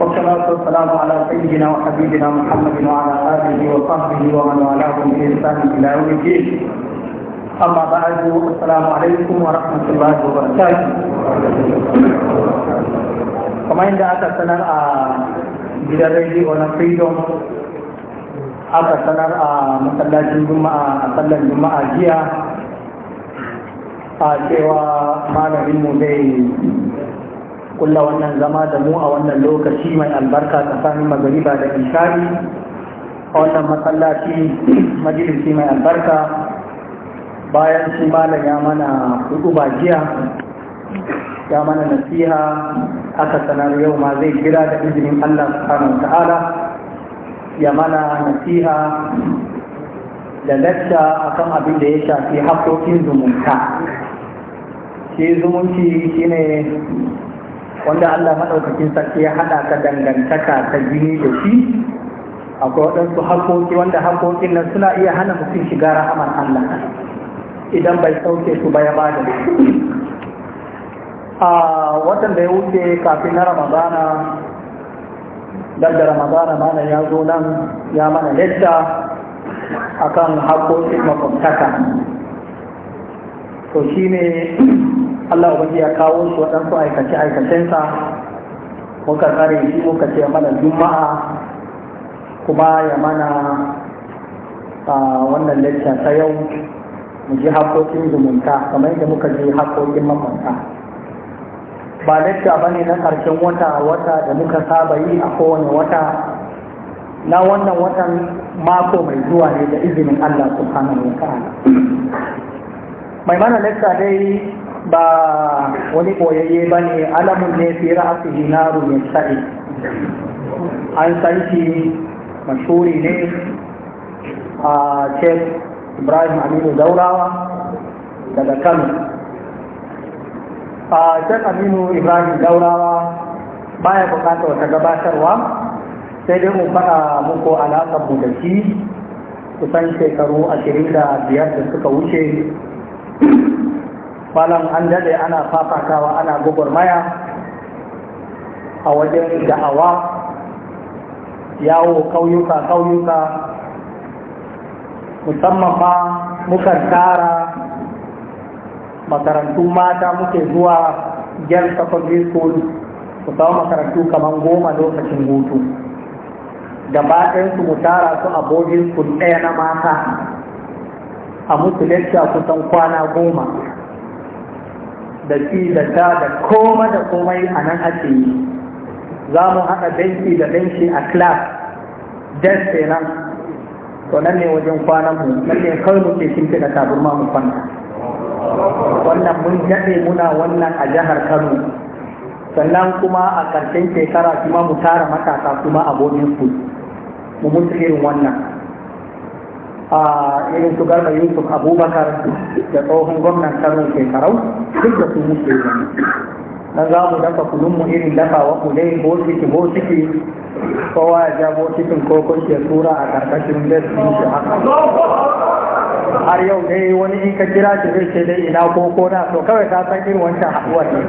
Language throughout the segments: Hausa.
والصلاة والسلام على سيدنا وحبيبنا محمد وعلى آله وصحبه ومن والاه بإحسان إلى يوم الدين أما بعد السلام عليكم ورحمة الله وبركاته كما yadda aka sanar a gidan ونفيدهم na freedom aka sanar a masallacin juma'a a sallar juma'a jiya a cewa malaminmu zai kulla wannan zama da mu a wannan lokaci mai albarka tsakanin magariba da ishari a wannan matsalaci majalisi mai albarka bayan shi malam ya mana hudu jiya ya mana nasiha aka sanar yau ma zai jira da izinin Allah subhanahu ta'ala ya mana nasiha da lacca akan abin da ya shafi haƙoƙin zumunta shi zumunci shine wanda Allah maɗaukakin sarki ya haɗa ka dangantaka ta jini da shi akwai waɗansu haƙoƙi wanda haƙoƙin nan suna iya hana mutum shiga rahaman Allah idan bai sauke su ba ya ba da a watan da ya wuce kafin na ramadana dan da ramadana mana ya zo nan ya mana lecta akan haƙoƙin makwabtaka to shi ne Allah ubangi ya kawo su waɗansu aikace aikacensa muka tsare shi muka ce mana juma'a kuma ya mana a wannan lecture ta yau mu ji haƙoƙin zumunta kamar yadda muka ji haƙoƙin makwanta ba lecture ba ne na ƙarshen wata wata da muka saba yi a kowane wata na wannan watan mako mai zuwa ne da izinin Allah subhanahu wa ta'ala mai mana lissa dai ba wani koyayye ba ne alamun ne fi ra'asu hinaru mai sa'i an san mashuri ne a chef ibrahim aminu daurawa daga kano a chef aminu ibrahim daurawa baya bukata wata gabatarwa sai dai mu faɗa muku alaƙar budaki kusan shekaru ashirin da biyar da suka wuce falon an dade ana fafatawa ana maya a wajen da'awa yawo kauyuka-kauyuka musamman ma mukan tara makarantu mata muke zuwa gyan secondary school su kawo makarantu kamar goma lokacin hutu gaba su mu tara su a boarding school ɗaya na mata a mutu lecture kusan kwana goma da ci da ta da koma da komai a nan ake yi za mu haɗa benci da benci a class des kenan to nan ne wajen kwanan mu nan ne kawai muke shinke da taburma mu kwanta wannan mun jaɗe muna wannan a jihar kano sannan kuma a ƙarshen shekara kuma mu tara matasa kuma abokin su mu mutu irin wannan a irin su garba yusuf abubakar da tsohon gwamnan kano shekarau duk da su muke yi nan za mu dafa kulunmu irin dafa wa kule bokiti bokiti kowa ya ja bokitin kokon ke tura a karkashin best su haka har yau dai wani in ka kira shi zai ce dai ina ko ko na to kawai ka san irin wancan haɗuwar ne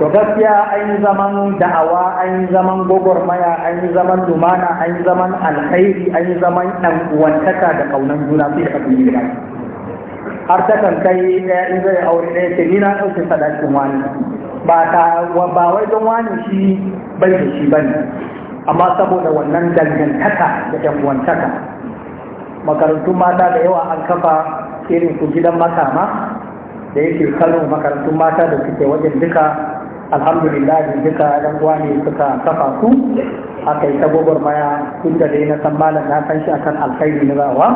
to gaskiya an yi zaman da'awa an yi zaman gwagwarmaya an yi zaman lumana an yi zaman alkhairi an yi zaman dan uwantaka da kaunan juna sai da abin gida har ta kan kai ɗaya in zai aure ɗaya ce ni na ɗauke sadakin wani ba ta ba wai don wani shi bai da shi bane amma saboda wannan dangantaka da yan uwantaka makarantun mata da yawa an kafa irin su gidan makama da yake kallon makarantun mata da suke wajen duka alhamdulillah duka ɗan uwa ne suka kafa su aka ta gobar maya tun da dai na san malam na san shi akan alkhairi na rawa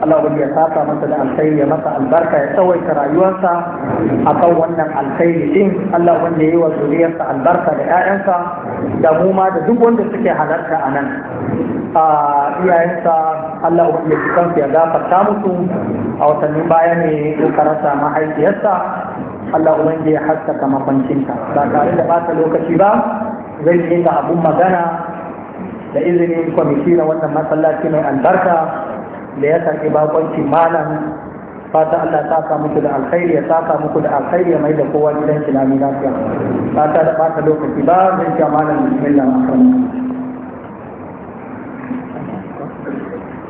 Allah ya saka masa da alkhairi ya masa albarka ya tsawaita rayuwarsa akan wannan alkhairi din Allah wanda ya yi wa zuriyarsa albarka da 'ya'yansa da mu ma da duk wanda suke halarta a nan a iyayensa Allah ya ji ya gafarta musu a watannin baya ne ya rasa mahaifiyarsa Allah ubangiji ya haskaka makwancinta ba tare da bata lokaci ba zai yi ga abun magana da izinin kwamiti na wannan masallaci mai albarka da ya karɓi bakoncin malam fata Allah saka muku da alkhairi ya saka muku da alkhairi ya mai da kowa gidan shi lafiya ba ta da bata lokaci ba zai ga malam bismillah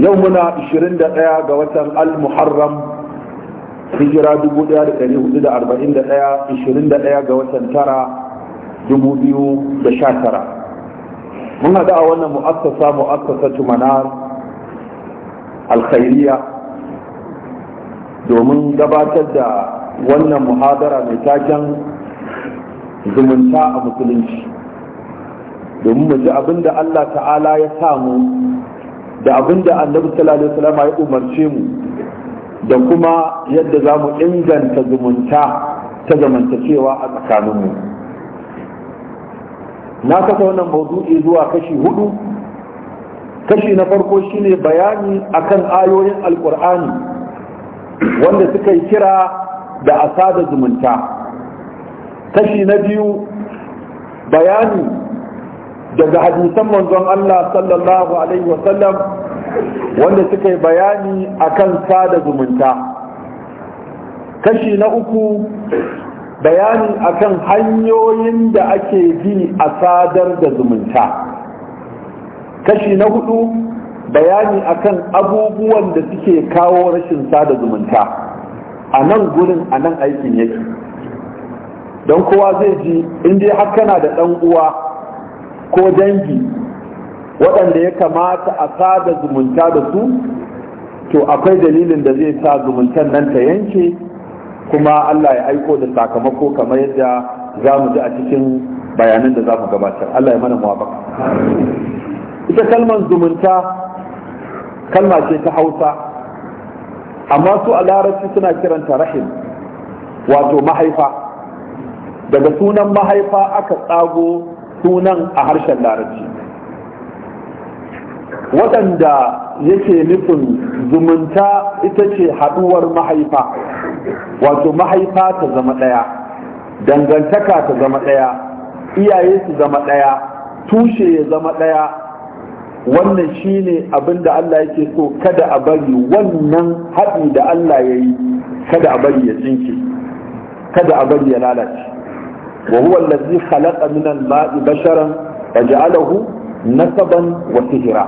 yau muna 21 ga watan al-muharram hijira 1441 21 ga watan tara 2019 mun haɗu a wannan mu'assasa mu'assasa manar alkhairiya domin gabatar da wannan muhadara mai taken zumunta a musulunci domin mu ji abin da allah ta'ala ya samu da abinda annabi sallallahu alaihi ya umarce mu da kuma yadda za mu inganta zumunta ta zamantakewa a tsakaninmu na kasa wannan mawdu'i zuwa kashi hudu kashi na farko shine bayani akan ayoyin alkur'ani wanda suka yi kira da asada zumunta kashi na biyu bayani daga hadisan manzon Allah sallallahu alaihi wasallam wanda suka yi bayani akan sada zumunta kashi na uku bayani akan hanyoyin da ake bi a sadar da zumunta kashi na hudu bayani akan abubuwan da suke kawo rashin sada zumunta a nan gurin a nan aikin yake don kowa zai ji in dai har kana da ɗan uwa ko dangi waɗanda ya kamata a sada zumunta da su to akwai dalilin da zai sa zumuntan nan ta yanke kuma Allah ya aiko da sakamako kamar yadda za mu ji a cikin bayanan da za mu gabatar Allah ya mana muwafaka ita kalmar zumunta kalma ce ta hausa amma su a larabci suna kiranta rahim wato mahaifa daga sunan mahaifa aka tsago sunan a harshen larabci waɗanda yake nufin zumunta ita ce haɗuwar mahaifa wato mahaifa ta zama ɗaya dangantaka ta zama ɗaya iyaye su zama ɗaya tushe ya zama ɗaya wannan shine abin da Allah yake so kada a bari wannan haɗi da Allah ya yi kada a bari ya tsinke kada a bari ya lalace wa huwa allazi khalaqa min al-ma'i basharan faj'alahu nasaban wa sihra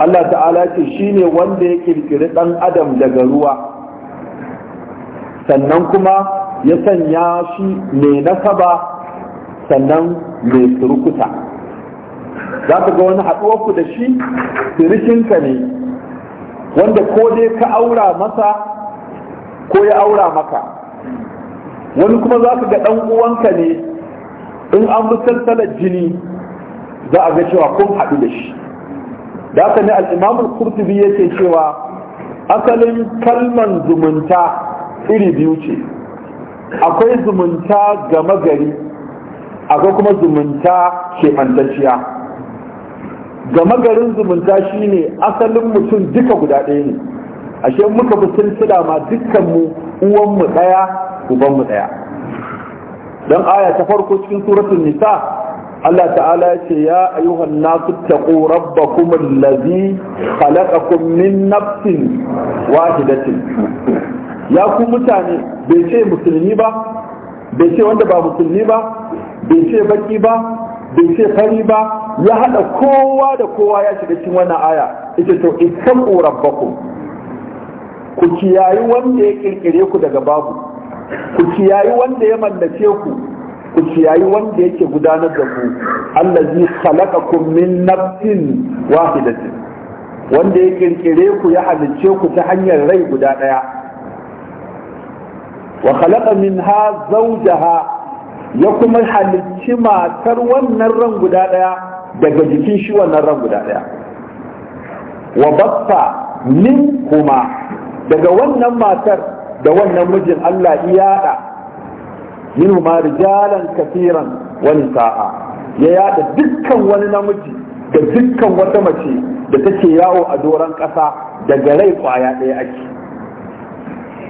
Allah ta'ala ce shine wanda ya kirkiri dan adam daga ruwa sannan kuma ya sanya shi mai nasaba sannan mai surukuta za ka ga wani haɗuwarku da shi sirikinka ne wanda ko dai ka aura masa ko ya aura maka wani kuma za ka ga ɗan uwanka ne in an bi salsalar jini za a ga cewa kun haɗu da shi da haka ne al'imamul kurtubi yake cewa asalin kalman zumunta iri biyu ce akwai zumunta gama gari akwai kuma zumunta keɓantacciya gama garin zumunta shine asalin mutum duka guda ɗaya ne ashe muka fi silsila ma dukkanmu uwanmu ɗaya ubanmu daya dan aya ta farko cikin suratul nisa Allah ta'ala ya ce ya ayyuhan nasu taqu rabbakum allazi khalaqakum min nafsin wahidatin ya ku mutane bai ce musulmi ba bai ce wanda ba musulmi ba bai ce baki ba bai ce fari ba ya hada kowa da kowa ya shiga cikin wannan aya ita to ittaqu rabbakum ku kiyayi wanda ya kirkire ku daga babu ku ciyayi wanda ya mallace ku ku ciyayi wanda yake gudanar da ku allazi khalaqakum min nafsin wahidatin wanda ya kirkire ku ya halicce ku ta hanyar rai guda daya wa khalaqa minha zawjaha ya kuma halicci matar wannan ran guda daya daga jikin shi wannan ran guda daya wa baffa min kuma daga wannan matar da wannan mijin Allah ya yada minhu ma rijalan kafiran wani sa'a, ya yaɗa dukkan wani namiji da dukkan wata mace da take yawo a doron ƙasa daga rai kwaya ɗaya ake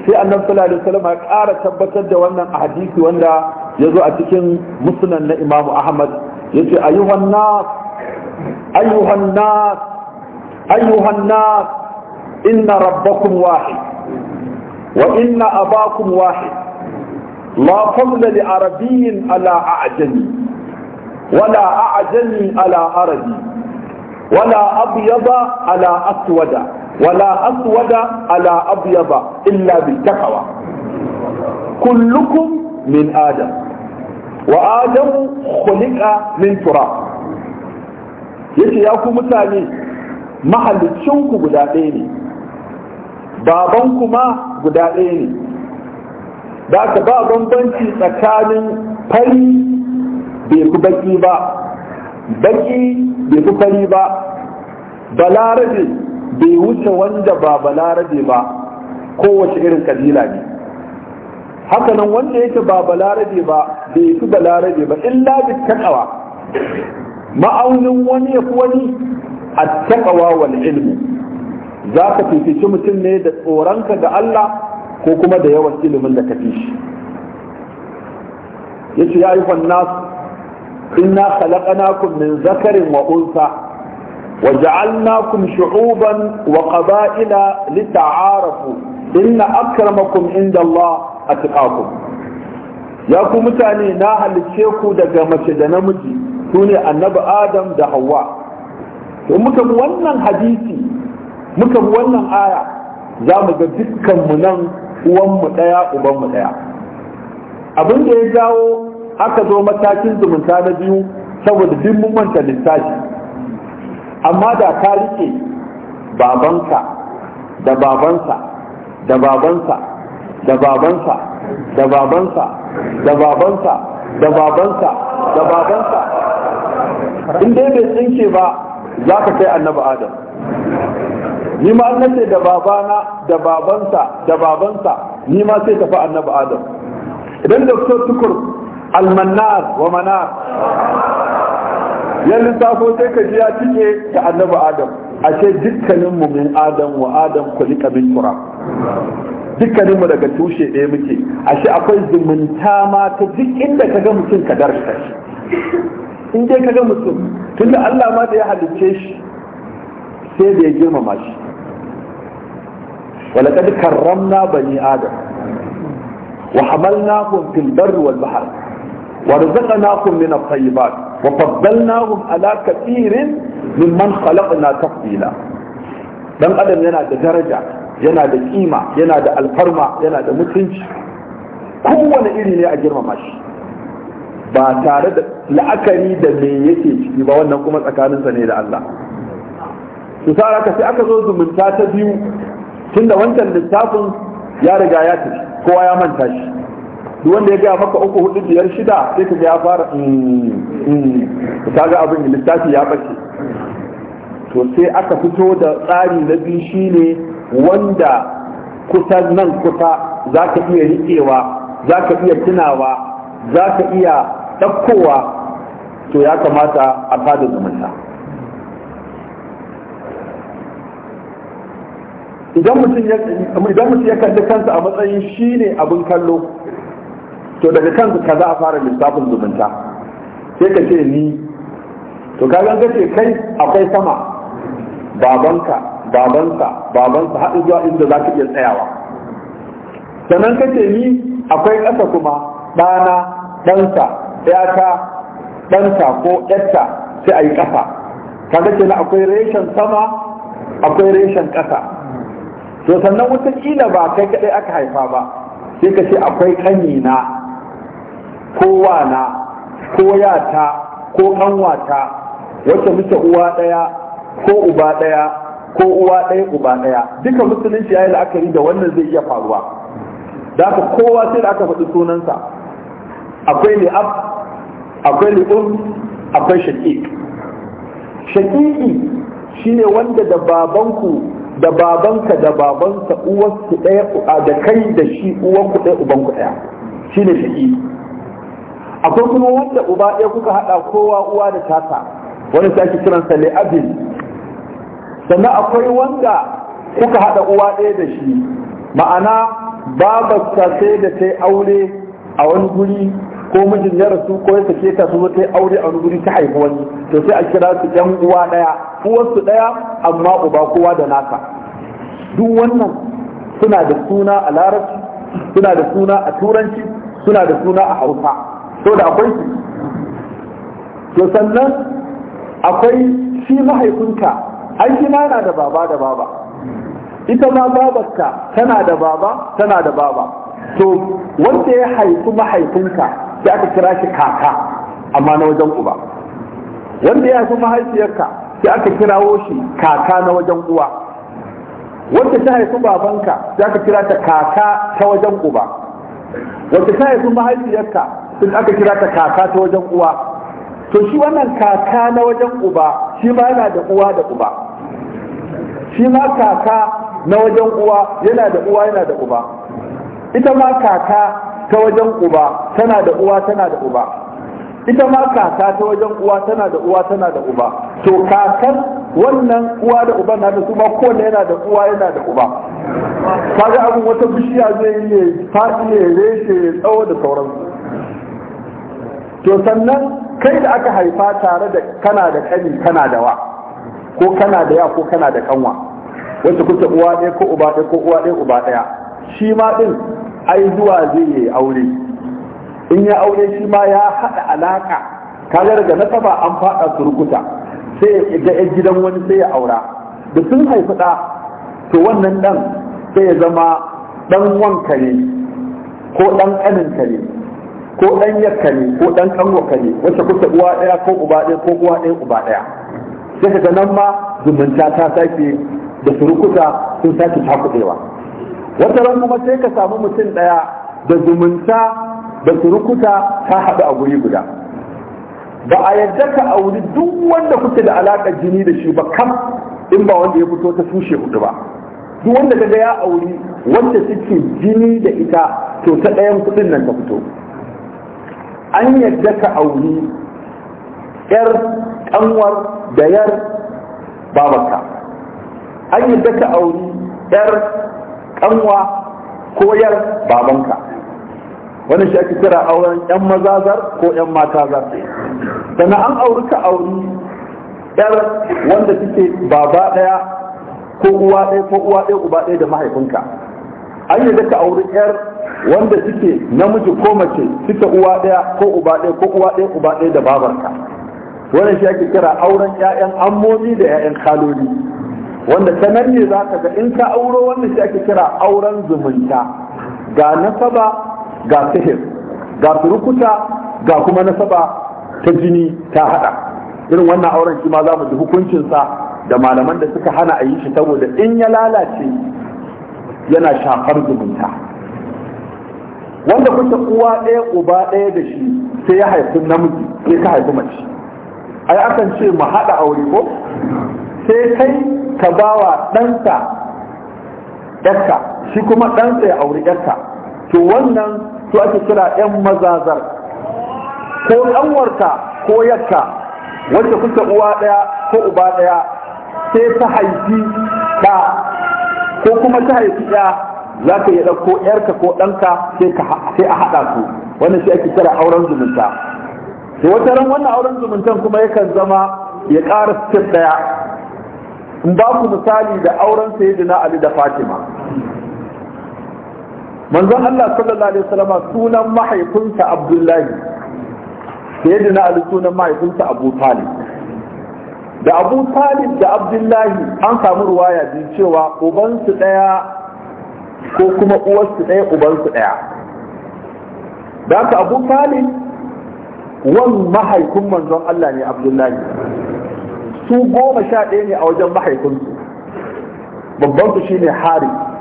sai annabi sallallahu alaihi ya ƙara tabbatar da wannan a hadisi wanda ya zo a cikin musnad na Imam Ahmad yace ayyuhan nas ayyuhan nas ayyuhan nas inna rabbakum wahid وإن أباكم واحد لا فضل لعربي على أعجمي ولا أعجمي على عربي ولا أبيض على أسود ولا أسود على أبيض إلا بالتقوى كلكم من آدم وآدم خلق من تراب يتياكم ya ku mutane mahallicinku guda ɗaya baban kuma guda ɗaya ne da ka ba bambanci tsakanin fari bai fi baki ba baki bai fi fari ba balarabe bai wuce wanda ba balarabe ba kowace irin kabila ne hakanan wanda yake ba balarabe ba bai fi balarabe ba illa bi takawa ma'aunin wani ya fi wani a takawa wal ilmu za ka fifici mutum ne da tsoronka ga Allah ko kuma da yawan ilimin da ka fi shi ya ce ya yi nas inna khalaqnakum min zakarin wa unsa wa ja'alnakum shu'uban wa qaba'ila lita'arafu inna akramakum inda Allah atqakum ya ku mutane na halicce ku daga mace da namiji sune annabi Adam da Hawwa to muka wannan hadisi muka bi wannan aya za mu ga dukkanmu nan uwanmu ɗaya ubanmu ɗaya abin da ya jawo aka zo matakin zumunta na biyu saboda duk mun manta lissafi amma da ka rike babanka da babansa da babansa da babansa da babansa da babansa da babansa da babansa in dai bai tsinke ba za ka kai annabi adam ni ma an nace da babana da babansa da babansa ni ma sai tafi annabi adam idan da doktor tukur almanar wa manar ya lissafo sai ka ji ya tike ta annabi adam ashe dukkanin mu min adam wa adam kulika min qura dukkanin mu daga tushe ɗaya muke ashe akwai zumunta ma ta duk inda ga mutum ka darsa shi in dai ga mutum tunda Allah ma da ya halicce shi sai da ya girmama shi ولقد كرمنا بني آدم وحملناهم في البر والبحر ورزقناهم من الطيبات وفضلناهم على كثير ممن خلقنا تفضيلا dan adam yana da daraja yana da kima yana da alfarma yana da mutunci kowane iri ne a girmama shi ba tare da la'akari da me yake ciki ba wannan kuma tsakaninsa ne da Allah su sai aka zo zumunta ta biyu Tun da wancan littafin ya riga ya tafi kowa ya manta shi duk wanda ya gaya maka uku hudu biyar shida sai ka ya fara mm, mm. ga abin littafi ya bace to sai aka fito da tsari na biyu shine wanda kusa nan kusa za ka iya riƙewa za ka iya tunawa za ka iya ɗaukowa to ya kamata a fada zumunta idan mutum ya kalli kansa a matsayin shi ne abin kallo to daga kansa ka za a fara lissafin zumunta sai ka ce ni to ka ce kai akwai sama babanka babansa babansa haɗin zuwa inda za ka iya tsayawa sannan ka ce ni akwai ƙasa kuma ɗana ɗansa ɗata ɗanta ko ɗanta sai a yi ƙasa kaga ce na akwai reshen sama akwai reshen ƙasa to sannan wataƙila ba kai kaɗai aka haifa ba sai ka ce akwai ƙanina kowa na ko yata ko ƙanwata wacce muke uwa ɗaya ko uba ɗaya ko uwa ɗaya uba ɗaya duka musulunci ya yi la'akari da wannan zai iya faruwa da aka kowa sai da aka faɗi sunansa akwai ab akwai um akwai shaƙiƙ shaƙiƙi shine wanda da babanku da babanka da babansa uwarsu ɗaya da kai da shi uwanku ɗaya ubanku ɗaya shi ne shi akwai kuma wanda uba ɗaya kuka haɗa kowa uwa da tata wani kiran kiransa le'abin sannan akwai wanda kuka haɗa uwa ɗaya da shi ma'ana babarsa sai da ta aure a wani guri ko mijin ya rasu ko ya sake ta su ta aure a wani guri ta haifi wani to sai a kira su yan uwa daya uwarsu ɗaya amma uba kowa da nasa. duk wannan suna da suna a larabci suna da suna a turanci suna da suna a hausa to da akwai su to sannan akwai shi mahaifinka an shi na da baba da baba ita ma babarka tana da baba tana da baba to wanda ya haifi mahaifinka sai aka kira shi kaka amma na wajen uba wanda ya haifi mahaifiyarka sai aka kirawo shi kaka na wajen uwa wanda ta haifi babanka sai aka kira ta kaka ta wajen uba wanda ta haifi mahaifiyarka sai aka kira ta kaka ta wajen uwa to shi wannan kaka na wajen uba shi ma yana da uwa da uba shi ma kaka na wajen uwa yana da uwa yana da uba ita ma kaka ta wajen uba tana da uwa tana da uba ita ma kaka ta wajen uwa tana da uwa tana da uba to kakan wannan uwa da uba na da su ma kowanne yana da uwa yana da uba kaga abin wata bishiya zai yi faɗi ya reshe ya tsawo da sauransu to sannan kai da aka haifa tare da kana da kani kana da wa ko kana da ya ko kana da kanwa wacce kuke uwa ɗaya ko uba ɗaya ko uwa ɗaya uba ɗaya shi ma ɗin ai zuwa zai yi aure in ya aure shi ma ya haɗa alaƙa kaga daga nasaba an faɗa surukuta sai ga yan gidan wani sai ya aura da sun haifi ɗa to wannan ɗan sai ya zama ɗan wanka ne ko ɗan ƙaninka ne ko ɗan yakka ne ko ɗan ƙanwaka ne wacce kusa uwa ɗaya ko uba ɗaya ko uwa ɗaya uba ɗaya sai ka ga nan ma zumunta ta sake da rukuta sun sake takuɗewa wata ran kuma sai ka samu mutum ɗaya da zumunta da rukuta ta haɗu a guri guda ba a yarda ka auri duk wanda kuke da alaƙar jini da shi ba kam in ba wanda ya fito ta tushe hudu ba duk wanda kaga ya auri wanda suke jini da ita to ta ɗayan kuɗin nan ta fito an yarda ka auri yar ƙanwar da yar babanka an yarda ka auri yar ƙanwa ko yar babanka wani shi ake kira auren yan mazazar ko yan mata zar sannan an auri ka auri yar wanda suke baba daya ko uwa daya ko uwa daya uba daya da mahaifinka an yi daga auri yar wanda suke namiji ko mace suke uwa daya ko uba daya ko uwa daya uba daya da babarka wannan shi ake kira auren ƴaƴan ammomi da ƴaƴan kaloli wanda sanar ne za ka ga in ka auro wanda shi ake kira auren zumunta ga nasaba ga sihir ga surukuta ga kuma nasaba ta jini ta hada irin wannan auren shi ma za mu ji hukuncinsa da malaman da suka hana a yi shi saboda in ya lalace yana shafar zumunta wanda kusa uwa ɗaya uba ɗaya da shi sai ya haifi namiji sai ka haifi mace ai akan ce mu haɗa aure ko sai kai ka bawa ɗansa ɗanka shi kuma ɗansa ya auri ɗanka to wannan su ake kira yan mazazar ko ƙanwarka ko yakka wanda kusa uwa ɗaya ko uba ɗaya sai ta haifi ɗa ko kuma ta haifi ɗa za ka iya ɗauko ‘yarka ko ɗanka sai a haɗa su wannan shi ake kira auren zumunta da wata ran wannan auren zumuntan kuma yakan zama ya ƙara step ɗaya in ba ku misali da auren sayyidina ali da fatima manzon Allah sallallahu alaihi wasallam sunan mahaifinsa Abdullahi sayyidina Ali sunan mahaifinsa Abu Talib da Abu Talib da Abdullahi an samu ruwaya biyu cewa su daya ko kuma uwarsu daya ubansu daya da haka Abu Talib wan mahaifin manzon Allah ne Abdullahi su goma sha ɗaya ne a wajen mahaifinsu babban su shine Harith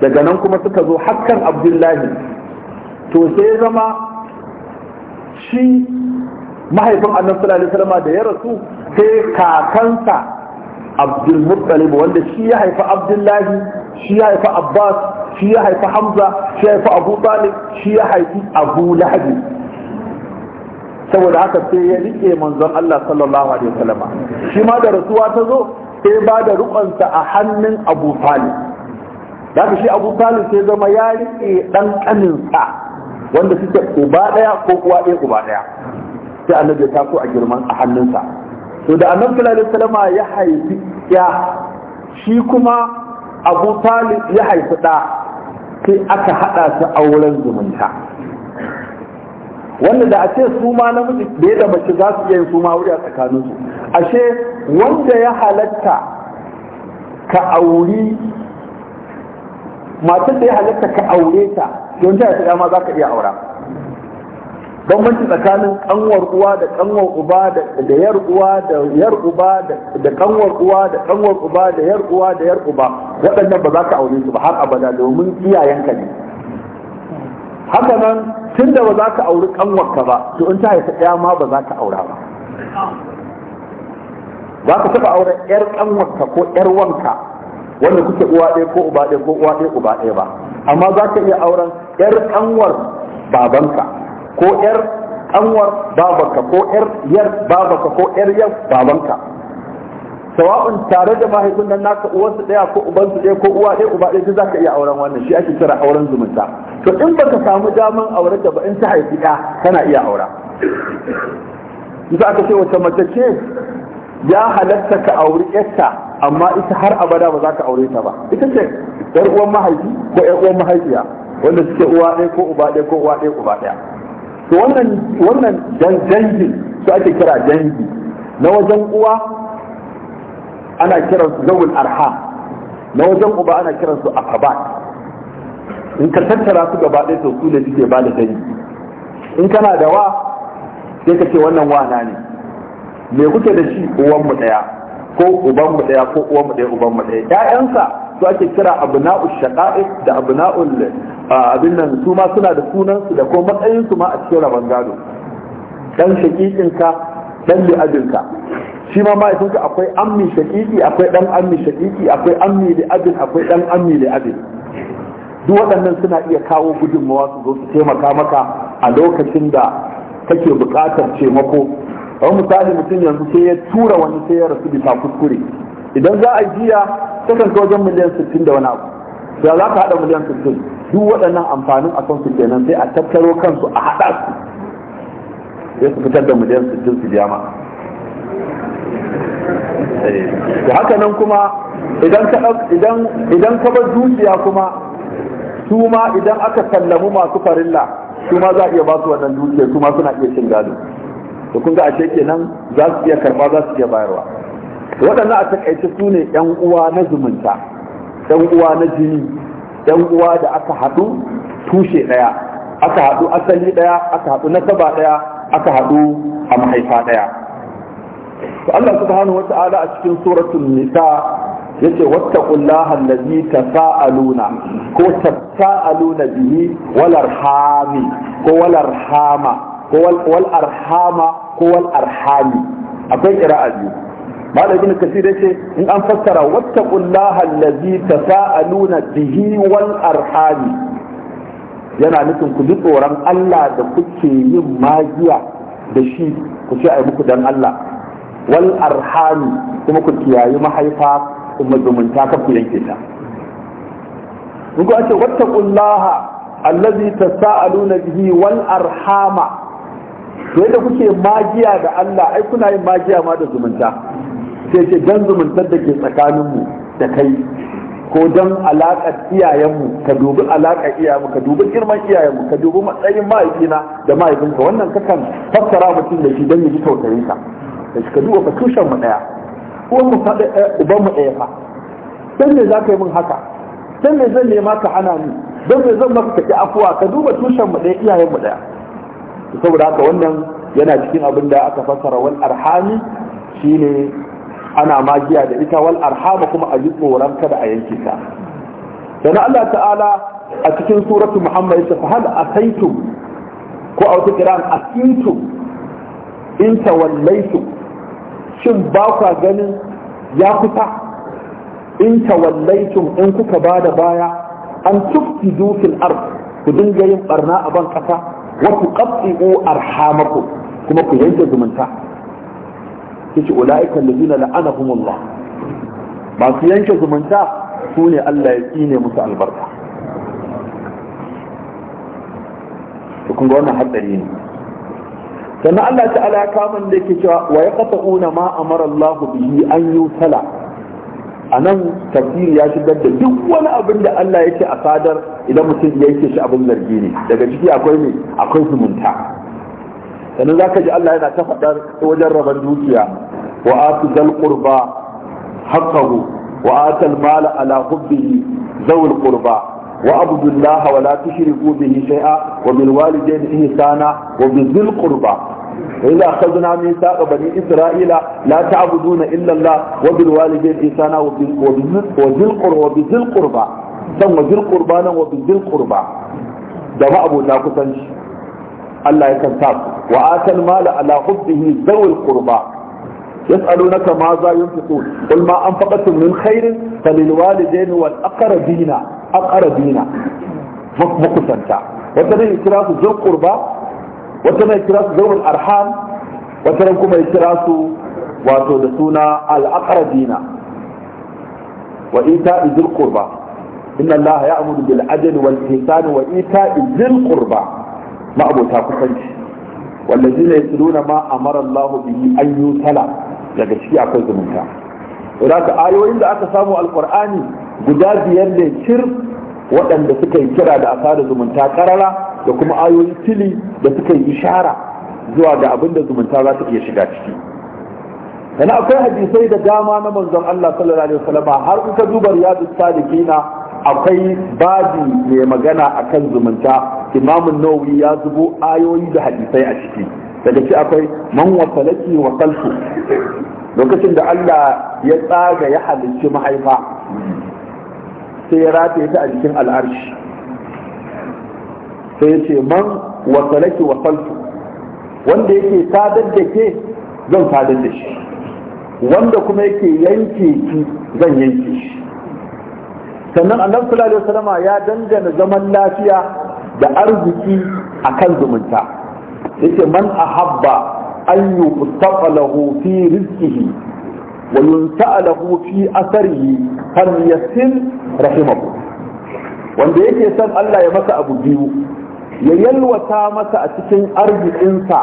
daga nan kuma suka zo hakkan abdullahi to sai zama shi mahaifin annabi da ya rasu sai kakansa abdulmuttalib wanda shi ya haifa abdullahi shi ya haifa abbas shi ya haifa hamza shi ya haifa abu talib shi ya haifi abu lahabi saboda haka sai ya rike manzon Allah sallallahu alaihi wasallam shi ma da rasuwa ta zo sai ba da rukunsa a hannun abu talib da ka shi abu talib sai zama ya riƙe ɗan ƙaninsa wanda suke uba ɗaya ko kuwa ɗaya uba ɗaya sai annabi ya taso a girman a hannunsa to da annabi sallallahu alaihi wasallam ya haifi ya shi kuma abu talib ya haifi ɗa sai aka haɗa su auren zumunta wanda da a ce su ma namiji da yadda da mace za su iya yin su ma wuri a tsakaninsu ashe wanda ya halatta ka auri matar da ya halatta ka aure ta don ta ya ma za ka iya aura bambanci tsakanin kanwar uwa da kanwar uba da yar uwa da yar uba da kanwar uwa da kanwar uba da yar uwa da yar uba waɗannan ba za ka aure su ba har abada domin iyayenka ne haka nan tun da ba za ka auri ka ba to in ta haifa ɗaya ma ba za ka aura ba za ka taɓa aure yar ka ko yar wanka wanda kuke uwa ɗaya ko uba ɗaya ko uwa ɗaya uba ɗaya ba amma za ka iya auren yar kanwar babanka ko yar kanwar babanka ko yar yar babanka ko yar yar babanka sawa'un tare da mahaifin nan naka su ɗaya ko uban su ɗaya ko uwa ɗaya uba ɗaya za ka iya auren wannan shi ake kira auren zumunta to in baka samu daman aure da ba in ta haifi ɗa kana iya aura Za aka ce wata mace ce ya halatta ka auri yarta amma ita har abada ba za ka aure ta ba ita ce yar uwan mahaifi ko yar uwan mahaifiya wanda suke uwa ɗaya ko uba ɗaya ko uwa ɗaya uba ɗaya to wannan wannan dangi su ake kira dangi na wajen uwa ana kiran su zawul arha na wajen uba ana kiran su akabat in ka tattara su gaba ɗaya to su ne suke ba da dangi in kana da wa sai ka ce wannan wa na ne me kuke da shi uwan mu daya ko uban mu daya ko uwan mu daya uban mu daya ƴaƴansa su ake kira abna'u shaqa'iq da abna'u abin nan su ma suna da sunan su da ko matsayin su ma a cikin rabon gado dan shaqiqin ka dan li'abin ka shi ma ma'aikin ka akwai ammi shaqiqi akwai dan ammi shaqiqi akwai ammi li'abin akwai dan ammi li'abin duk waɗannan suna iya kawo gudunmawa su zo su taimaka maka a lokacin da kake buƙatar taimako kamar misali mutum yanzu sai ya tura wani sai ya rasu bisa kuskure idan za a jiya ta kanka wajen miliyan sittin da wani abu sai za ka haɗa miliyan sittin duk waɗannan amfanin a kansu kenan sai a tattaro kansu a haɗa su sai su fitar da miliyan sittin su biya ma da eh, haka nan kuma idan ka bar dukiya kuma su ma idan aka sallamu masu farilla su ma za a iya ba su wannan dukiya su ma suna iya cin gado to kun ga ashe kenan za su iya karba za su iya bayarwa waɗannan a takaice su ne yan uwa na zumunta yan uwa na jini yan uwa da aka haɗu tushe ɗaya aka haɗu asali ɗaya aka haɗu nasaba ɗaya aka haɗu a mahaifa ɗaya to Allah subhanahu wata'ala a cikin suratul nisa yace wattaqullaha allazi tasaaluna ko tasaaluna bihi wal arhami ko wal arhama ko wal arhama ko wal arhami akwai kira'a biyu malam ibn kasir yace in an fassara wattaqullaha allazi tasaaluna bihi wal arhami yana nufin ku ji tsoron Allah da kuke yin magiya da shi ku ce ai muku dan Allah wal arhami kuma ku kiyayi mahaifa kuma zumunta ka ku yanke ta in ku ce wattaqullaha allazi tasaaluna bihi wal arhama to yadda kuke magiya da Allah ai kuna yin magiya ma da zumunta sai ce dan zumuntar da ke tsakaninmu da kai ko dan alaƙar iyayenmu ka dubi alaƙar iyayenmu ka dubi girman iyayenmu ka dubi matsayin mahaifina da mahaifinka wannan kakan fassara mutum da shi dan ya ji tausayin ka da shi ka duba ka tushen mu daya uwan mu faɗi uban mu daya fa dan eh, me za ka yi min haka dan me zan nema ka hana ni dan me zan maka tafi afuwa ka duba tushen mu daya iyayenmu daya saboda haka wannan yana cikin abin da aka fassara wal arhami shine ana magiya da ita wal arhama kuma a ji tsoron da a yanke ta sannan Allah ta'ala a cikin suratu Muhammad yake fa hal ataitum ko a wata kiran asintum in tawallaitum shin ba kwa ganin ya kusa in tawallaitum in kuka ba da baya an tuftidu fil ard ku dinga yin barna a ban kasa wa tuqatti'u arhamakum kuma ku yanke zumunta yace ulaika alladhina la'anahumullah ba su yanke zumunta su ne Allah ya tsine musu albarka to kun ga ne sannan Allah ta'ala ya kamun da yake cewa wa yaqta'una ma amara Allah bihi an a nan tafsiri ya shigar da duk wani abin da Allah ya ce a sadar idan mutum ya yake shi abin zargi ne daga ciki akwai ne akwai zumunta sannan za ka ji Allah yana ta faɗar wajen rabar dukiya wa atu zal qurba haqqahu wa atal mala ala hubbihi zawul qurba wa abdullah wa la tushriku bihi shay'a wa bil walidayni ihsana wa bizil qurba وإذا أخذنا من ساق بني إسرائيل لا تعبدون إلا الله وبالوالدين إحسانا وبذي القربى وبذي القربى ثم ذي القربى وبذي القربى ده ما أبو لا كسنش الله يكنتاب وآتى المال على حبه ذوي القربى يسألونك ماذا ينفقون قل ما أنفقتم من خير فللوالدين والأقربين أقربين مقسنتا وتنهي إسراف ذي القربى wata mai kira su zaurul arham wata ran kuma ya kira su wato da suna al-aqrabina wa ita izil qurba inna allaha ya'muru bil adli wal ihsani wa ita izil qurba ma abota kusanci wallazina yasluna ma amara allah bihi an yutala daga ciki akwai zumunta Idan ka ayoyin da aka samu alqur'ani guda biyar ne cir waɗanda suka yi kira da asada zumunta karara da kuma ayoyi tili da suka yi ishara zuwa ga abin da zumunta za ta iya shiga ciki Yana akwai hadisai da dama na manzon Allah sallallahu alaihi wasallam har in ka duba riyadus salihina akwai babi mai magana akan zumunta Imamin nawawi ya zubo ayoyi da hadisai a ciki daga ci akwai man wasalaki wa kalfu lokacin da Allah ya tsaga ya halicci mahaifa sai ya rataye ta a jikin al'arshi sai ya ce man wasalaki wa wanda yake sadar da ke zan sadar da shi wanda kuma yake yanke ki zan yanke shi sannan annabi sallallahu alaihi ya dangana zaman lafiya da arziki a kan zumunta yace man habba an yuqtafa lahu fi rizqihi wa yunta'alahu fi asarihi fal yasil wanda yake son Allah ya masa abu biyu ya yalwata masa a cikin arzikinsa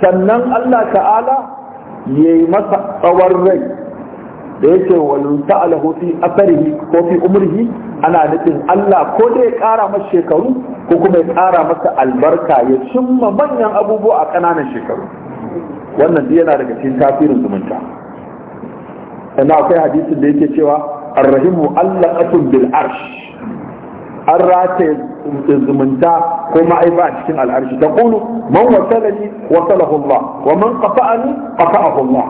sannan Allah ta'ala ya yi masa tsawon rai da yake walin ta'alahu fi asarihi ko fi umrihi ana nufin Allah ko dai ya ƙara masa shekaru ko kuma ya ƙara masa albarka ya cimma manyan abubuwa a ƙananan shekaru wannan yana daga cikin tasirin zumunta sannan akwai hadisin da yake cewa arrahimu allaqatun bil arsh an rataye zumunta ko ma'aifa a cikin al'arshi ta kulu man wasalani wasalahu Allah wa man qata'ani qata'ahu Allah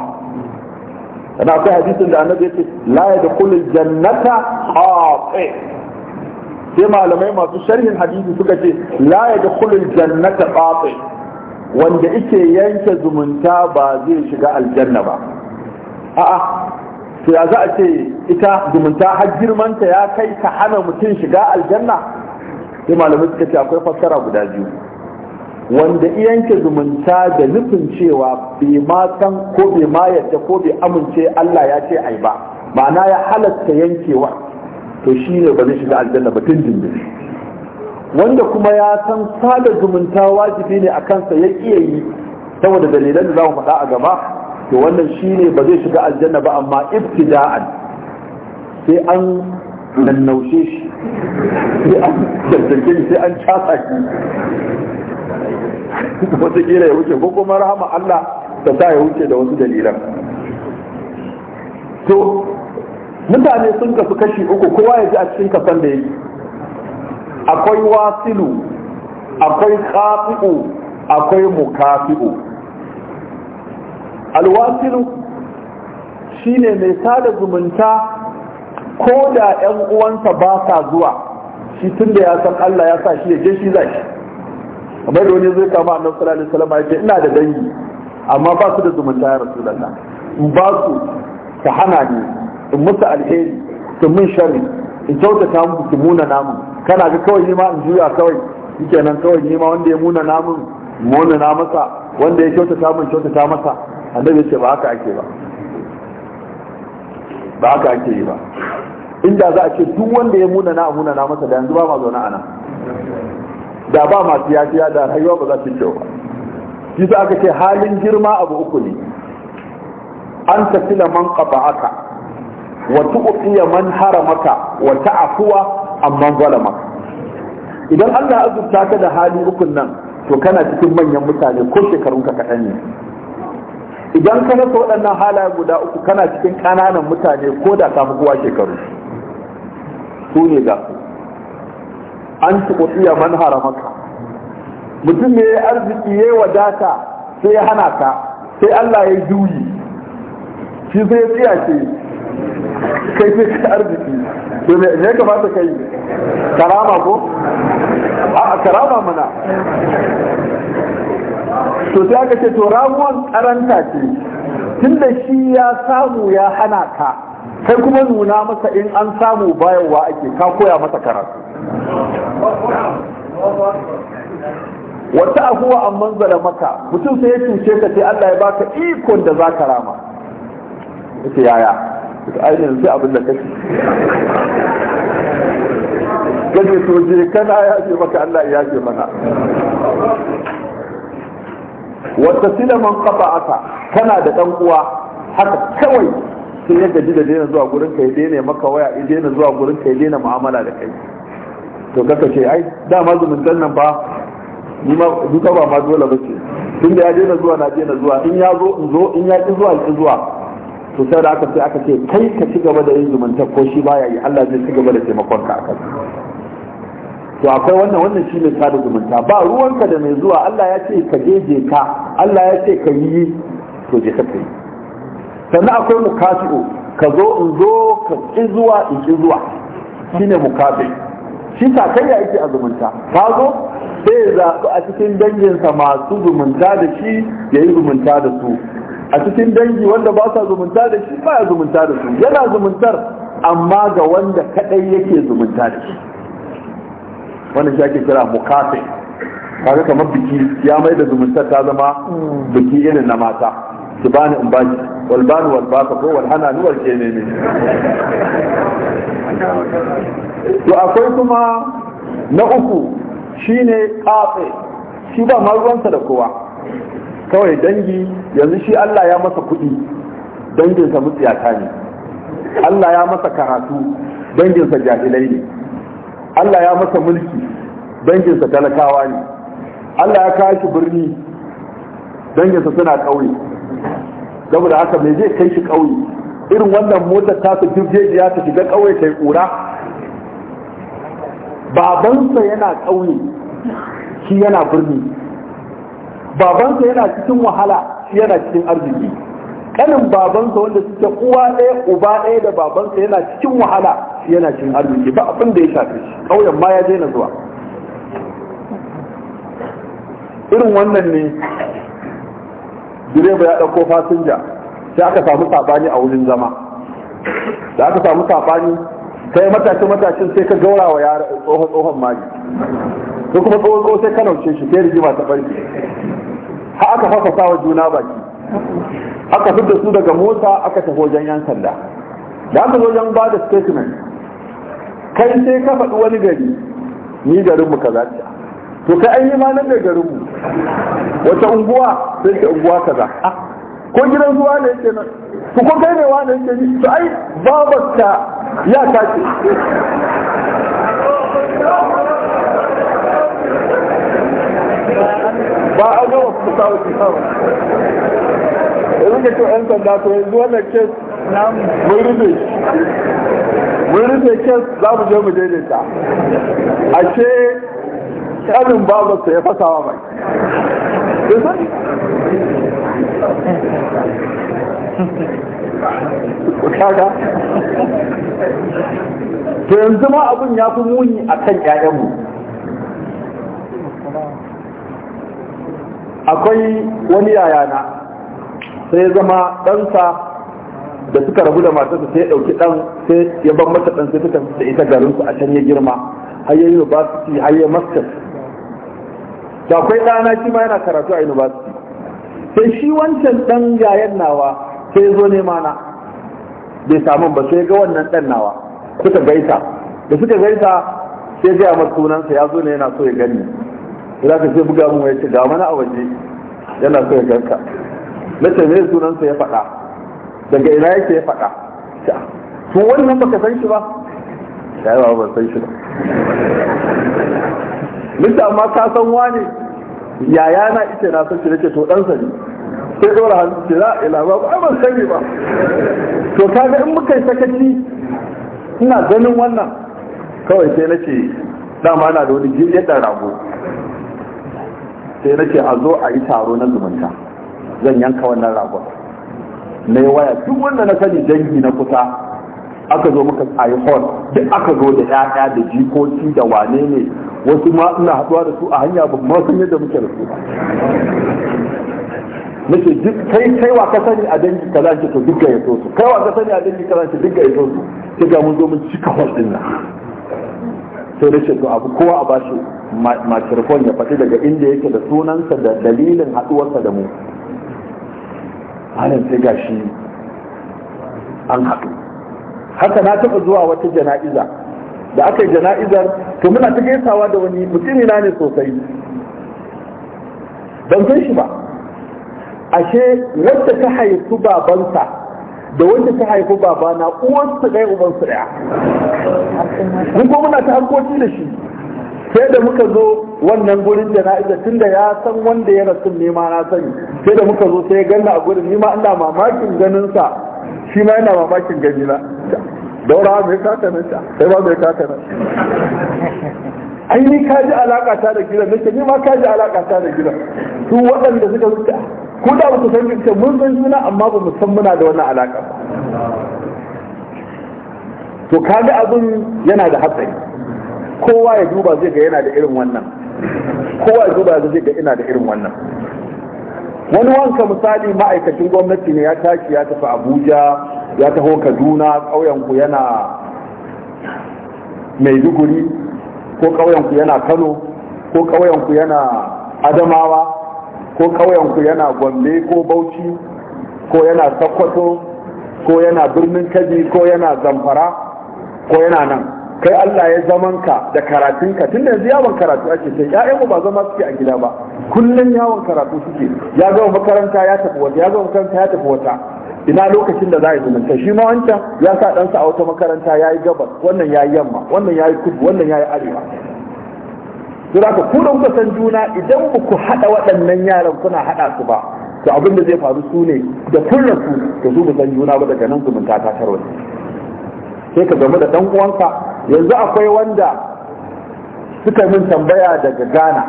sannan akwai hadisin da annabi yake la ya yadkhulul jannata qati' sai malamai masu sharhin hadisi suka ce la ya da kulul jannata qati wanda yake yanke zumunta ba zai shiga aljanna ba a'a to ya za a ce ita zumunta har girmanta ya kai ka hana mutum shiga aljanna sai malamai suka ce akwai fassara guda biyu wanda iyanke zumunta da nufin cewa bai ma san ko bai ma yadda ko bai amince Allah ya ce ai ba ma'ana ya halatta yankewa to shi ne ba zai shiga aljanna ba tun dindin wanda kuma ya san sada zumunta wajibi ne a kansa ya iya yi saboda dalilan da za mu faɗa a gaba to wannan shine ba zai shiga aljanna ba amma ibtida'an sai an nannaushe shi sai an shi, sai an casa shi kira ya wuce ko kuma rahama Allah ta sa ya wuce da wasu dalilan to mutane sun kasu kashi uku kowa ya ji a cikin kasan da yake akwai wasilu akwai kafi'u akwai mukafi'u alwasilu shine mai sada zumunta ko da yan uwansa ba sa zuwa shi tun da ya san Allah ya sa shi ya je shi shi kamar da wani zai kama annabi sallallahu alaihi wasallam ya ce ina da dangi amma ba su da zumunta ya rasulullah in ba su ta hana ni in musu alheri su mun shari in ta mu su muna namu kana ga kawai ni ma in juya kawai shikenan kawai ni ma wanda ya muna namun muna na masa wanda ya kyautata mun kyautata masa annabi ce ba haka ake ba ba haka ake ba inda za a ce duk wanda ya muna na muna na masa da yanzu ba ma zaune a nan da ba ma siyasiya da rayuwa ba za su kyau ba shi za aka ce halin girma abu uku ne an da man aka wa tu'tiya man haramaka wa amma amman zalama idan Allah azurta ka da hali uku nan to kana cikin manyan mutane ko shekarunka kaɗan ne idan ka rasa waɗannan halaye guda uku kana cikin ƙananan mutane ko da ka fi kowa shekaru su ne ga su an ci kuɗiya man haramaka mutum ne arziki ya yi wadata sai ya hana ka sai Allah ya juyi shi sai ya tsiya kai sai ka arziki to me ne ka fata kai karama ko a karama mana to sai aka ce to ramuwan karanta ce tunda shi ya samu ya hana ka kai kuma nuna masa in an samu bayarwa ake ka koya masa karatu wata abuwa an manzala maka mutum sai ya cuce ka sai Allah ya baka ikon da za ka rama yace yaya ai sai abin da kashi kaje to je kana ya ce maka Allah ya ce mana wata silaman kafa aka kana da dan uwa haka kawai sai ya gaji da daina zuwa gurin ka ya daina maka waya ya daina zuwa gurin ka ya daina mu'amala da kai to kaka ce ai dama zumuntan nan ba ni ma duka ba ma dole ba ce tun da ya daina zuwa na daina zuwa in ya zo in zo in ya ki zuwa ki zuwa to sai da aka ce aka ce kai ka ci gaba da yin zumunta ko shi baya yi Allah zai ci gaba da taimakon ka akan to akwai wannan wannan shine sada zumunta ba ruwanka da mai zuwa Allah ya ce ka je ka Allah ya ce ka yi to je ka yi sannan akwai mukasi'u ka zo in zo ka ci zuwa in ci zuwa shine mukafi shi ta sakayya yake a zumunta ka zo sai zaɓi a cikin danginsa masu zumunta da shi ya yi zumunta da su a cikin dangi wanda ba sa zumunta da shi ba ya zumunta da su yana zumuntar amma ga wanda kaɗai yake zumunta da shi wannan shi ake kira mukafe kaga kamar biki ya mai da zumuntar ta zama biki irin na mata su bani in baki wal bani wal baka ko wal hana ni wal ne to akwai kuma na uku shine kafe shi ba ma da kowa kawai dangi yanzu shi Allah ya masa kuɗi danginsa mutsiyata ne Allah ya masa karatu danginsa jahilai ne Allah ya masa mulki danginsa talakawa ne Allah ya kawo shi birni danginsa suna ƙauye saboda haka mai zai kai shi ƙauye irin wannan motar ta su ya ta shiga ƙauye ta yi ƙura babansa yana ƙauye shi yana birni babansa yana cikin wahala shi yana cikin arziki kanin babansa wanda suke uwa ɗaya uba ɗaya da babansa yana cikin wahala yana cikin arziki ba abin da ya shafe shi ƙauyen ma ya daina zuwa irin wannan ne direba ya ɗauko fasinja sai aka samu sabani a wurin zama da aka samu saɓani sai matashin matashin sai ka gaura wa yara tsohon tsohon maji ko kuma tsohon tsohon sai ka nauce shi sai rigima ta barke har aka fasa sawa juna baki aka fidda su daga mota aka tafi wajen yan sanda da aka wajen ba da statement kai sai ka faɗi wani gari ni garinmu kaza ce to kai an yi ma nan da garinmu wata unguwa sai ce unguwa kaza ah, ko gidan zuwa ne yake nan to ko kai ne wa ne yake ni to ai babarka ya ta ce ba a ga wasu kusa wasu in ka ce yan sanda to yanzu wannan kes mun rufe mun rufe kes za mu je mu daidaita ashe kanin babu ya fasawa mai kaga to yanzu ma abin ya fi muni a kan ƴaƴanmu akwai wani yayana sai zama ɗansa da suka rabu da matarsa sai ya ɗauki ɗan sai ya ban mata ɗan sai suka fita ita garinsu a can ya girma har ya university har ya masters da akwai ɗana shi ma yana karatu a university sai shi wancan ɗan yayan nawa sai zo ne mana. bai samu ba sai ga wannan ɗan nawa suka gaita da suka gaita sai gaya masa sunansa ya zo ne yana so ya gani za ka sai buga mun ya ce ga mana a waje yana so ya ganka na ce me sunansa ya faɗa daga ina yake ya faɗa to wannan baka san shi ba ya ba ban san shi ba nita amma ka san wani yaya na ita na san shi nake to dan sani sai dora hannu ce la ila ba ba ban sani ba to kaga in muka yi sakaci ina ganin wannan kawai sai nake dama ana da wani jirgin rago sai nake a zo a yi taro na zumunta zan yanka wannan ragon na yi waya duk wanda na sani dangi na kusa aka zo muka tsaye hall duk aka zo da 'ya'ya da jikoki da wane ne wasu ma ina haɗuwa da su a hanya ba ma sun yadda muke da su nake duk kai kai wa ka sani a dangi kaza ki to duka ya so su kai wa ka sani a dangi kaza ki duka ya so su sai ga mun zo mun cika hall din nan sai da ce to abu kowa a bashi makirfon ya faɗi daga inda yake da sunansa da dalilin haɗuwarsa da mu halin sai gashi an haɗu haka na taɓa zuwa wata jana'iza da aka yi jana'izar to muna ta gaisawa da wani mutumi na ne sosai ban san shi ba ashe wadda ta haifi babansa da wanda ta haifi babana uwansu ɗaya ubansu ɗaya mun ko muna ta harkoki da shi sai da muka zo wannan gurin jana'iza tunda ya san wanda ya rasu ne ma na sani sai da muka zo sai ya ganna a gurin ni ma ina mamakin ganin sa shi ma yana mamakin gani na daura mai kaka nan ta sai ba mai kaka nan ai ni ka ji alaka ta da gidan nake ni ma ka ji alaka ta da gidan su waɗanda suka zuka ko da ba su san gidan mun san juna amma ba mu san muna da wannan alaka ba to kaga abin yana da hatsari kowa ya duba zai ga yana da irin wannan kowa ya duba zai ga ina da irin wannan wani wanka misali ma'aikacin gwamnati ne ya tashi ya tafi abuja ya taho kaduna ƙauyen yana maiduguri ko ƙauyen yana kano ko ƙauyen yana adamawa ko ƙauyen yana gombe ko bauchi ko yana sokoto ko yana birnin kaji ko yana zamfara ko yana nan kai Allah ya zaman ka da karatunka tun da yanzu yawon karatu ake sai yayan mu ba zama suke a gida ba kullum yawon karatu suke ya gama makaranta ya tafi wata ya gama makaranta ya tafi wata ina lokacin da za a yi zumunta shi ma wancan ya sa ɗansa a wata makaranta ya yi gabas wannan ya yi yamma wannan ya yi kudu wannan ya yi arewa don ka ku don kusan juna idan ba ku haɗa waɗannan yaran kuna haɗa su ba to abin da zai faru su ne da kullum su da su juna ba daga nan zumunta ta tarwata sai ka game da ɗan uwanka yanzu akwai wanda suka min tambaya daga ghana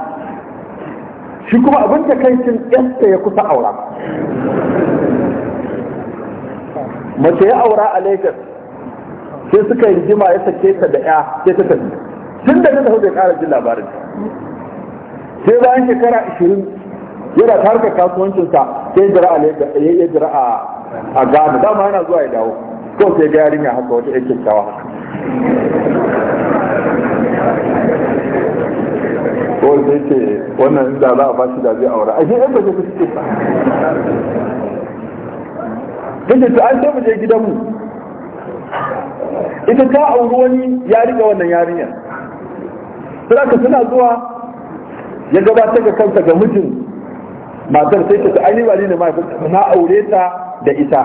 shi kuma abin da takaicin yasta ya kusa aura mace ya aura a lagos sai suka yi jima ya sake ta da ya ke ta tafi tun da ta ya kara jin labarin sai bayan shekara 20 yana ta harkar kasuwancinsa sai jira a ya jira a gano dama yana zuwa ya dawo kawai sai ga yarinya haka wata yake kyakkyawa haka ko zai ce wannan da za a bashi da zai aure ashe ɗan baje ku suke ba kace to an sai mu je gidanmu ita ta auri wani ya riga wannan yarinyar sai suna zuwa ya gabatar da kansa ga mijin matar sai ta ainihin wani ne mahaifinta na aure ta da ita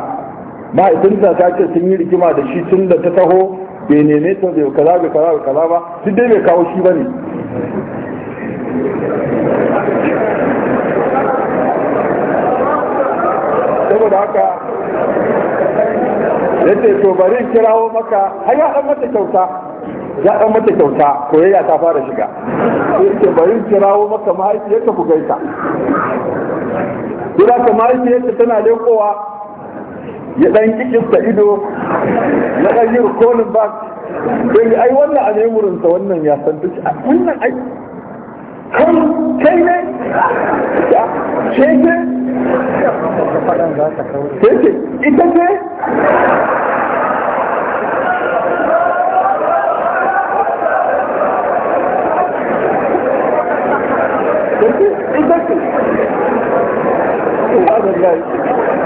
mahaifinta ta ce sun yi rigima da shi tun da ta taho bai neme ta bai kaza bai kaza bai kaza ba duk dai bai kawo shi bane saboda haka yace to bari kirawo maka har ya dan mata kyauta ya dan mata kyauta koyayya ta fara shiga yace bari kirawo maka mahaifiyarka ku gaita Kira ta mahaifiyarka tana lekowa ya dan kikista ido na ɗan yi recalling back sai ai wannan a nemurin sa wannan ya san duk wannan ai kai kai ne ya ce ce ce ce ita ce Thank you.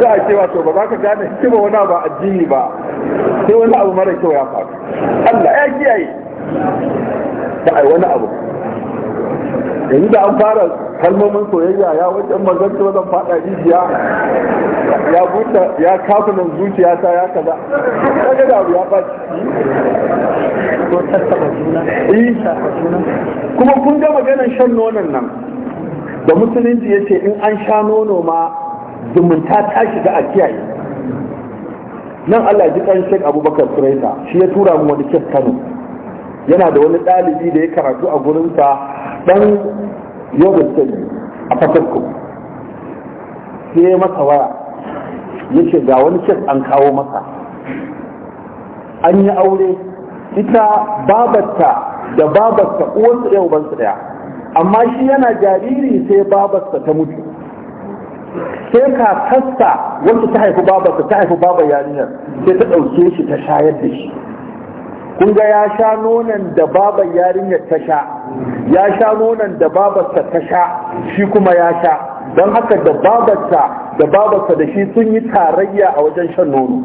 za a ce wato ba za ka gane hikima wani ba addini ba sai wani abu mara kyau ya faru Allah ya kiyaye da ai wani abu yanzu da an fara kalmomin soyayya ya wajen manzanci wajen fada rijiya ya buta ya nan zuciya ta ya kaza kaga da abu ya baci to tattaba juna eh, kuma kun ga maganar shan nonon nan da musulunci ya ce in an sha nono ma zumunta ta shiga a kiyaye nan Allah ji kan Sheikh Abubakar Suraita shi ya tura mu wani kes Kano yana da wani ɗalibi da ya karatu a gurinsa ɗan Yobin Sani a Fatakko sai ya masa waya ya ce ga wani kes an kawo masa an yi aure ita babarta da babarsa yau ban su daya. amma shi yana jariri sai babarsa ta mutu sai ka kakarsa wacce ta haifi babarsa ta haifi baba yarinyar sai ta ɗauke shi ta shayar da shi kun ga ya sha nonon da baban yarinyar ta sha ya sha nonon da babarsa ta sha shi kuma ya sha don haka da babarsa da babarsa da shi sun yi tarayya a wajen shan nono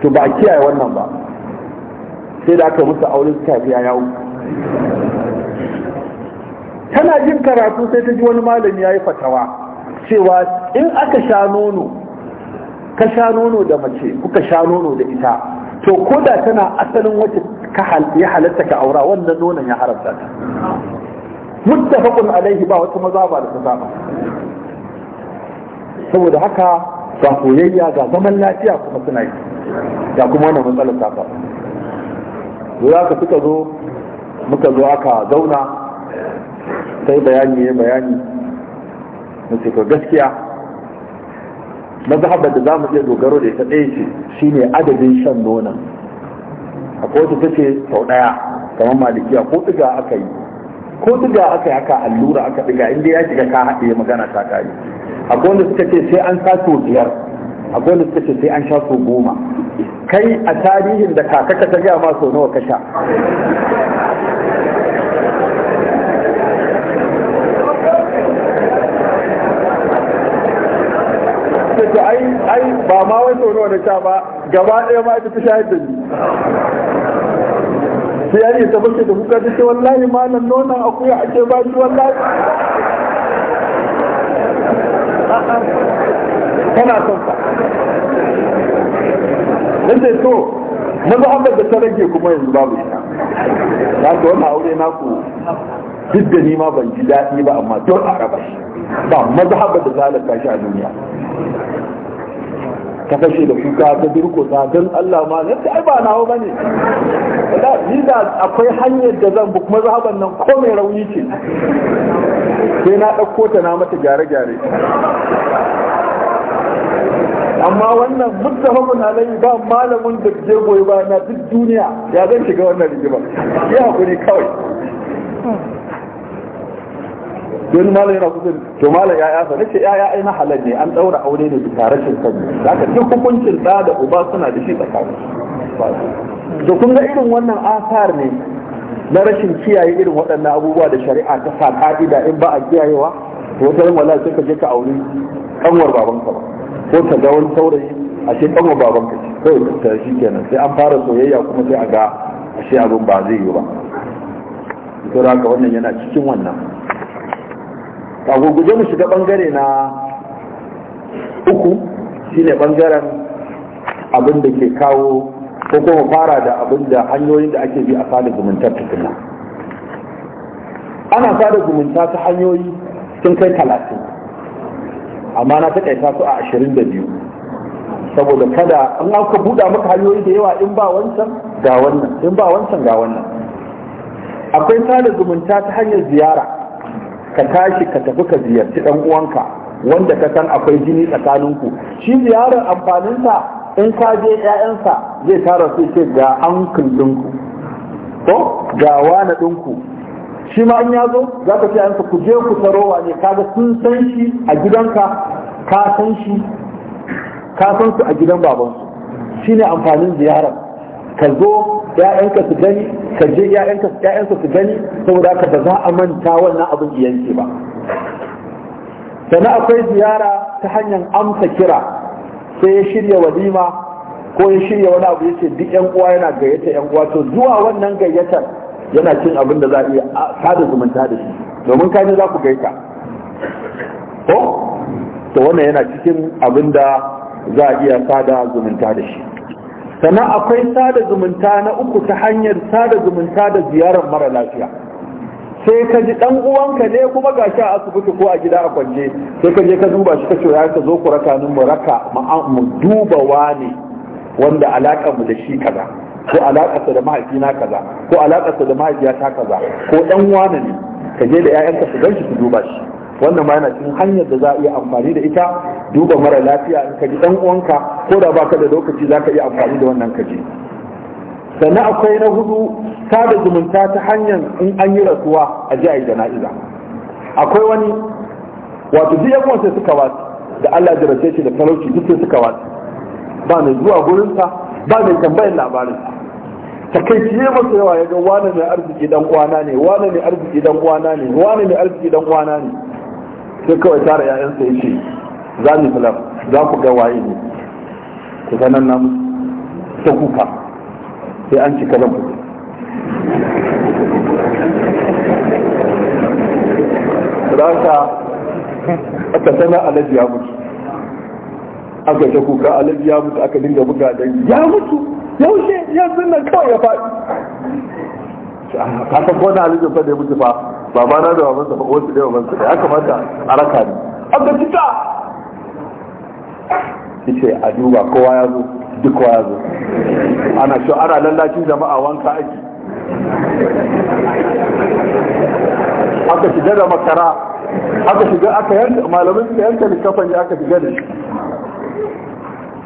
to ba a kiyaye wannan ba sai da aka musu aure suka ya yawo tana jin karatu sai ta ji wani malami ya yi fatawa cewa in aka sha nono ka sha nono da mace kuka sha nono da ita to ko da tana asalin wacce ya halatta ka aura wannan nonon ya haramta ta muttafaqun alaihi ba wata maza ba da ta saboda haka ga koyayya ga zaman lafiya kuma suna yi ga kuma wannan matsalar ta ba za ka suka zo muka zo aka zauna sai bayani ya bayani na ce ko gaskiya mazhabar da za mu iya dogaro da ita ɗaya ce shine adadin shan nonon akwai kotu ta ce sau ɗaya kamar malikiya ko ɗiga aka yi ko ɗiga aka yi haka allura aka ɗiga inda ya shiga ka haɗe magana ta kare akwai wanda suka ce sai an sa sau biyar akwai wanda suka ce sai an sha sau goma kai a tarihin da kakaka ta gaya ma sau nawa ka sha ya ce ai ai ba ma wai sau nawa na sha ba gaba ɗaya ma ita ta shayar da ni sai yari ta bace da kuka ta ce wallahi ma nan nonon akuya ake ba shi wallahi kana son sa nace to mazhabar da ta rage kuma yanzu babu ita za ta wannan aure naku duk da ni ma ban ji daɗi ba amma don a raba shi ba mazhabar da zalaka shi a duniya ka fashe da kuka ta durkusa don Allah ma ne ai ba nawo bane ni da akwai hanyar da zan kuma zahaban nan ko mai rauni ce sai na ɗauko ta na mata gyare-gyare amma wannan muttafaqun alayhi ba malamin da ke goyi ba na duk duniya ya zan shiga wannan rigima ya hakuri kawai sai wani malam yana kusa to malam ya yasa nace ya ya na halal ne an daura aure ne bisa rashin sani zaka duk hukuncin da da uba suna da shi tsakanin to kun ga irin wannan asar ne na rashin kiyaye irin waɗannan abubuwa da shari'a ta sa ka'ida in ba a kiyayewa to wata ran wallahi sai ka je ka aure kanwar babanka ba ko ka ga wani saurayi a ashe kanwar babanka ce kawai ta shi kenan sai an fara soyayya kuma sai a ga ashe abin ba zai yi ba to da haka wannan yana cikin wannan a guguje mu shiga bangare na uku shine bangaren abin da ke kawo ko kuma fara da abin da hanyoyin da ake bi a sada zumunta tukuna ana sada zumunta ta hanyoyi sun kai talatin amma na taƙaita su a ashirin da biyu saboda kada an aka buɗa maka hanyoyi da yawa in ba wancan ga wannan in ba wancan ga wannan akwai sada zumunta ta hanyar ziyara ka tashi ka tafi ka ziyarci dan uwanka wanda ka san akwai jini tsakaninku shi ziyarar amfaninsa in ka je 'ya'yansa zai tara su ce ga uncle ɗinku ko ga wani ɗinku shi ma in ya zo za ka ce ansa ku je ku tarowa ne kaga sun san shi a gidanka ka san shi ka san su a gidan babansu shine amfanin ziyarar ka zo ‘ya'yanka su gani ka je ‘ya'yanka su gani saboda ka ba za a manta wannan abin iyanci ba sannan akwai ziyara ta hanyar amsa kira sai ya shirya walima ko ya shirya wani abu ya ce duk yan uwa yana gayyata yan uwa to zuwa wannan gayyatar yana cin abin da za a iya sada zumunta da shi domin kaje za ku gaita ko to wannan yana cikin abin da za a iya sada zumunta da shi sannan akwai sada zumunta na uku ta hanyar sada zumunta da ziyarar mara lafiya sai ka ji dan uwanka ne kuma ga shi a asibiti ko a gida a kwance sai ka je ka duba shi ka ce ya ka zo ku raka ni mu raka mu duba wani wanda alaka mu da shi kaza ko alaƙarsa da mahaifina kaza ko alaƙarsa da mahaifiyata kaza ko dan wani ne ka je da 'ya'yanka su gan su duba shi wannan ma yana cikin hanyar da za a iya amfani da ita duba mara lafiya in ka ji dan uwanka ko da baka da lokaci za ka iya amfani da wannan kaji sannan akwai na hudu sada zumunta ta hanyar in an yi rasuwa a ji a yi jana'iza akwai wani wato duk yan sai suka wasu da Allah ya race shi da talauci duk sai suka wasu ba mai zuwa gurinsa ba mai tambayar Ta kai ne masa yawa ya ga wane mai arziki dan uwana ne wane mai arziki dan uwana ne wane mai arziki dan uwana ne sai kawai tara ƴaƴansa ya ce za mu filan za ku ga waye ne ku ga nan nan ta kuka sai an cika zan fito rasa aka sana alaji ya mutu aka ta kuka alaji ya mutu aka dinga buga da ya mutu yaushe ya sunan kawai ya faɗi ka san ko na alijin fa da ya mutu fa baba na da baban sa ba wasu da baban sa ya kamata a raka ne. an ga fita yace a duba kowa ya zo duk kowa ya zo ana shi ana lallacin jama'a wanka aiki aka shiga da makara aka shiga aka yanka malamin suka yanka likafan ya aka shiga da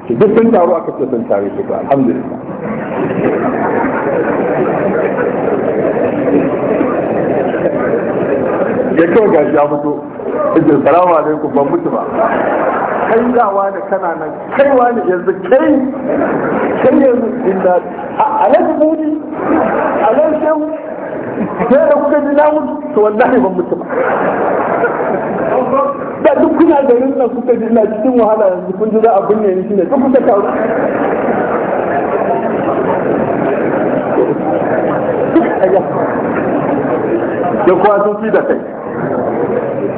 shi duk sun taro aka ce sun taru ba, alhamdulillah sai kawai gashi ya fito ita salamu alaikum ban mutu ba kai dawa da kana nan kai wani yanzu kai kai yanzu inda alaikum muni alaikum sai da kuka ji na mutu to wallahi ban mutu ba da duk kuna garin nan kuka ji na cikin wahala yanzu kun ji za a binne ni shine duk kuka kawo duk sun fi da kai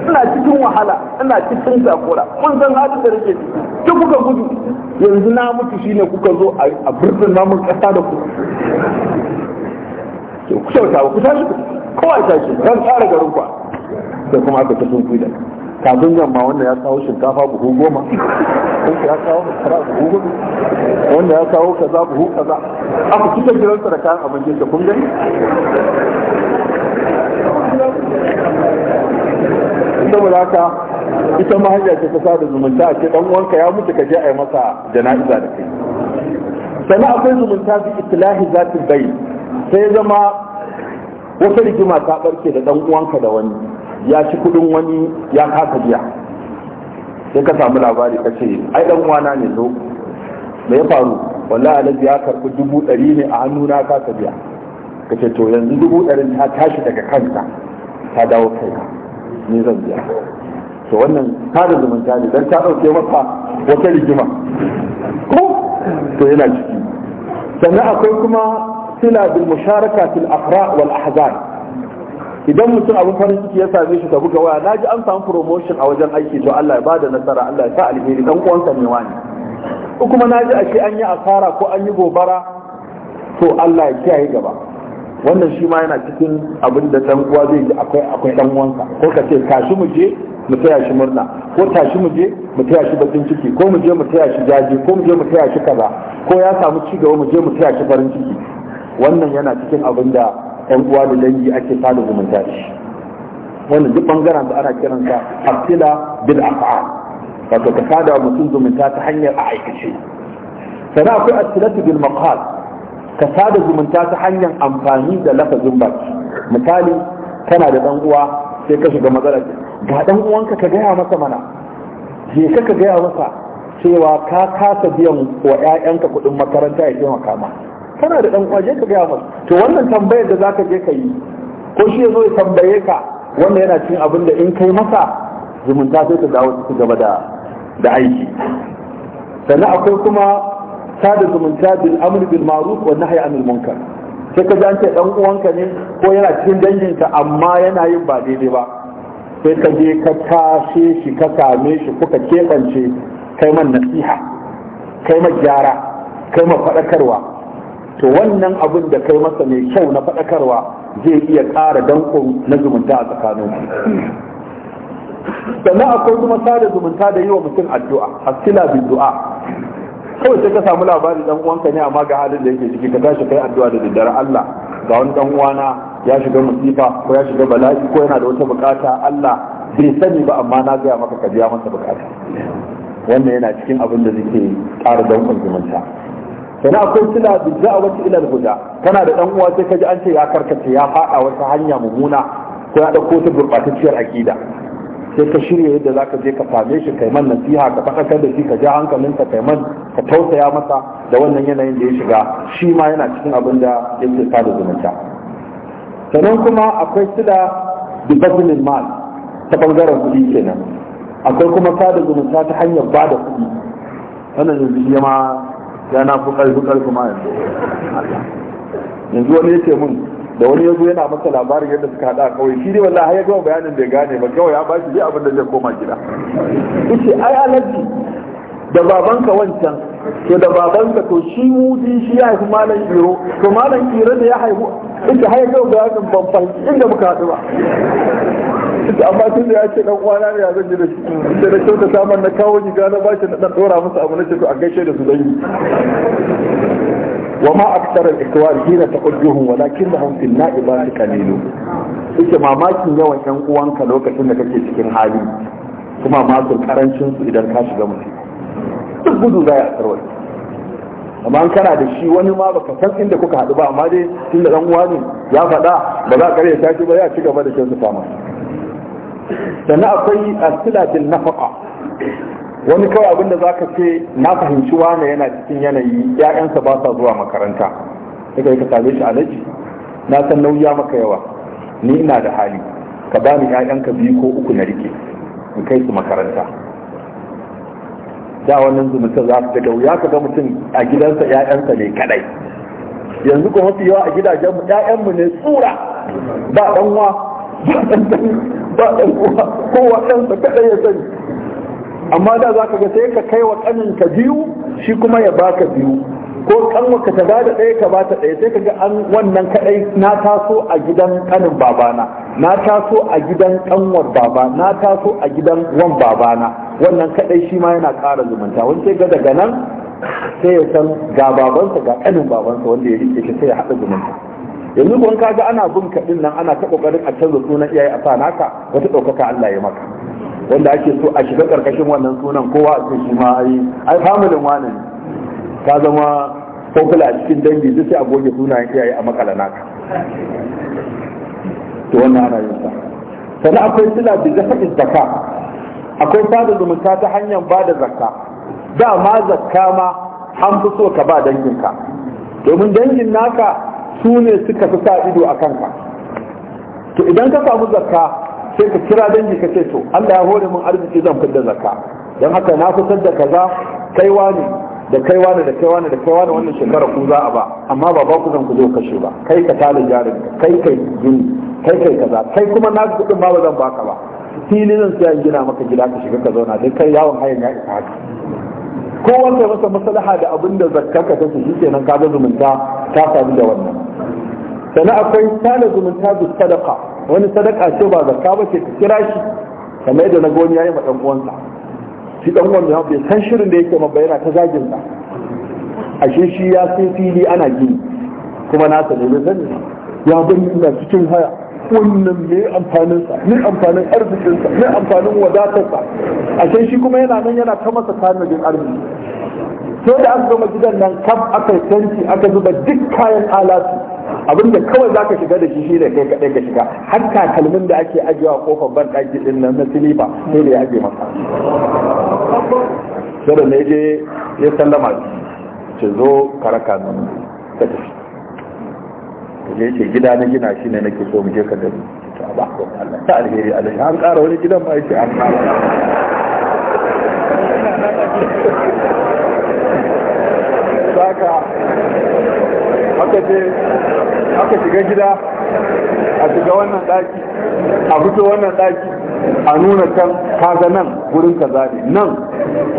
ina cikin wahala ina cikin takura mun san halin da rike ciki duk kuka gudu yanzu na mutu shine kuka zo a birnin namun kasa da ku ku kyauta ku tashi ko ya tashi dan tsara garin ku sai kuma aka ta sun kuida kafin yamma wanda ya kawo shinkafa buhu goma wanda ya kawo kara buhu goma wanda ya kawo kaza buhu kaza aka cika gidansa da kayan abinci da kun gani saboda haka ita ma ce ta sada zumunta a ce dan uwanka ya mutu ka je a yi masa jana'iza da kai sannan akwai zumunta bi islahi zati bai sai zama wata rigima ta barke da dan uwanka da wani ya ci kudin wani ya kasa biya sai ka samu labari ka ce ai dan uwana ne zo me ya faru wallahi alaji ya karbi dubu ɗari ne a hannuna ka biya ka to yanzu dubu ɗarin ta tashi daga kanka ta dawo kai ni zan biya to wannan tada zumunta ne dan ta dauke masa wata rigima ko to yana ciki sannan akwai kuma sila bil musharaka fil afra wal ahzan idan mutum abin farin ciki ya same shi ka buga waya na ji an samu promotion a wajen aiki to Allah ya bada nasara Allah ya sa alheri dan uwansa ne wani ko kuma na ji ashe an yi asara ko an yi gobara to Allah ya kiyaye gaba wannan shi ma yana cikin abin da dan uwa zai yi akwai akwai dan uwansa ko ka ce tashi mu je mu taya shi murna ko tashi mu je mu taya shi bakin ciki ko mu je mu taya shi jaji ko mu je mu taya shi kaza ko ya samu ci gaba mu je mu taya shi farin ciki wannan yana cikin abin da ɗan uwa da dangi ake sada zumunta da shi wannan duk bangaren da ana kiransa asila bil af'al wato ka sada mutum zumunta ta hanyar a aikace sannan akwai asilatu bil maqal ka sada zumunta ta hanyar amfani da lafazin baki misali kana da dan uwa sai ka shiga matsala ga dan uwanka ka gaya masa mana je ka ka gaya masa cewa ka kasa biyan wa ƴaƴanka kuɗin makaranta ya taimaka ma kana da dan uwa je ka gaya masa to wannan tambayar da zaka je ka yi ko shi yazo ya tambaye ka wanda yana cin abin da in kai masa zumunta sai ta dawo ta gaba da da aiki sannan akwai kuma sada zumunta bil amr bil ma'ruf wa nahyi anil munkar sai ka an ce dan uwanka ne ko yana cikin danginka amma yana yin ba daidai ba sai ka je ka tashe shi ka same shi kuka keɓance kai man nasiha kai ma gyara kai ma faɗakarwa to wannan abin da kai masa mai kyau na faɗakarwa zai iya ƙara danƙon na zumunta a tsakanin sannan akwai kuma sada zumunta da yi wa mutum addu'a asila bin du'a kawai sai ka samu labari dan uwanka ne amma ga halin da yake ciki ka tashi kai addu'a da daddare Allah ga wani dan uwana ya shiga musifa ko ya shiga bala'i ko yana da wata bukata Allah bai sani ba amma na gaya maka ka biya masa bukata wannan yana cikin abin da zai ƙara dankon zumunta sana akwai sila bi da'awati ila al-huda kana da dan uwa sai kaji an ce ya karkace ya fada wata hanya mumuna ko ya dauko ta gurbatacciyar akida sai ka shirya yadda za ka je ka same shi kai man nasiha ka faɗakar da shi ka ja hankalin ka kai man ka tausaya masa da wannan yanayin da ya shiga shi ma yana cikin abin da yake sada zumunta sannan kuma akwai sila da bazinin mal ta bangaren kuɗi kenan akwai kuma sada zumunta ta hanyar ba da kuɗi wannan yanzu ya ma ya na fi ƙarfi ma yanzu yanzu wani ya ce mun da wani yazo yana masa labarin yadda suka hada kawai shi ne wallahi har ya gama bayanin bai gane ba kawai ya ba shi abin da zai koma gida yace ai alaji da babanka wancan to da babanka to shi mudi shi ya haifi malam iro to malam iro da ya haifu inda har ya gama bayanin ban inda muka haɗu ba ita amma tun da ya ce dan uwana ne ya zan ji da shi sai da kyauta saman na kawo giga na bashi na dan dora musu abu na ce to a gaishe da su dangi وما أكثر الإخوان حين تحجهم ولكنهم في النائبات قليل suke mamakin yawan ƴan uwanka lokacin da kake cikin hali kuma masu karancin su idan ka shiga mutum duk gudu za a tsarwai amma an kana da shi wani ma baka san inda kuka haɗu ba amma dai tunda dan uwa ne ya faɗa ba za a karya tashi ba ya ci gaba da kyan su fama sannan akwai asilatin nafaka wani kawai abin da ka ce na fahimci wane yana cikin yanayi ya'yansa ba sa zuwa makaranta sai ka same shi alaji na san nauya maka yawa ni ina da hali ka ba ni ƴaƴanka biyu ko uku na rike in kai su makaranta da wannan zumunta za su daga wuya ka ga mutum a gidansa ƴaƴansa ne kadai yanzu ko mafi yawa a gidajen mu ƴaƴanmu ne tsura ba dan wa ba dan uwa kowa ɗansa kadai ya sani amma da za ka ga sai ka kai wa kaninka biyu shi kuma ya baka biyu ko ka ta ba da ɗaya ka ba ta ɗaya sai ka ga an wannan kaɗai na taso a gidan kanin babana na taso a gidan kanwar baba na taso a gidan wan babana wannan kaɗai shi ma yana ƙara zumunta wani sai ga daga nan sai ya san ga babansa ga kanin babansa wanda ya rike shi sai ya haɗa zumunta yanzu kun ga ana bin kaɗin nan ana ta ƙoƙarin a canza sunan iyaye a sa naka wata ɗaukaka Allah ya maka wanda ake so a shiga karkashin wannan sunan kowa a shi ma ai ai family wani ka zama popular a cikin dangi duk sai a goge sunayen iyaye a makala naka to wannan ana yin sa sannan akwai sila bi zakatun zakka akwai sada zumunta ta hanyar bada zakka da ma zakka ma an fi so ka ba danginka domin dangin naka su ne suka fi sa ido a kanka to idan ka samu zakka sai ka kira dangi ka ce to Allah ya hore mun arziki zan fidda zakka don haka na kusan da kaza kai wani, da kai wani, da kai wani, da kai wani wannan shekara ku za a ba amma ba ba ku zan ku zo kashe ba kai ka talin jarin kai kai gini kai kai kaza kai kuma na kudin ba ba zan baka ba fili zan sai an gina maka gida ka shiga ka zauna dai kai yawon hayan ya isa haka Ko wanda masa maslaha da abin da zakkarka ta shi kenan ka zumunta ta sami da wannan sannan akwai tana zumunta da sadaka wani sadaka ce ba zakka ba ce ka kira shi kamar yadda na goni yayi ma dan uwansa shi dan uwan da bai san shirin da yake mabba yana ta zagin sa ashe shi ya sai fili ana gini kuma na sa ne bai sani ya bari ina cikin haya wannan ne amfanin sa ne amfanin arzikin sa ne amfanin wadatar sa ashe shi kuma yana nan yana ta masa tanadin arziki sai da aka gama gidan nan kaf aka tanti aka zuba duk kayan alatu abin da kawai za ka shiga da shi shi ne kai kaɗai ka shiga har kalmin da ake ajiyewa kofar ban ɗaki ɗin nan na silifa ne da ya ajiye masa sai da je ya sallama ce zo karaka nan ta tafi ta je ce gida na gina shi ne nake so mu je ka gani ta ba ko Allah ta alheri an ƙara wani gidan ba shi an ƙara saka haka ce aka shiga gida a shiga wannan daki a fito wannan daki a nuna kan kaga nan gurin ka ne nan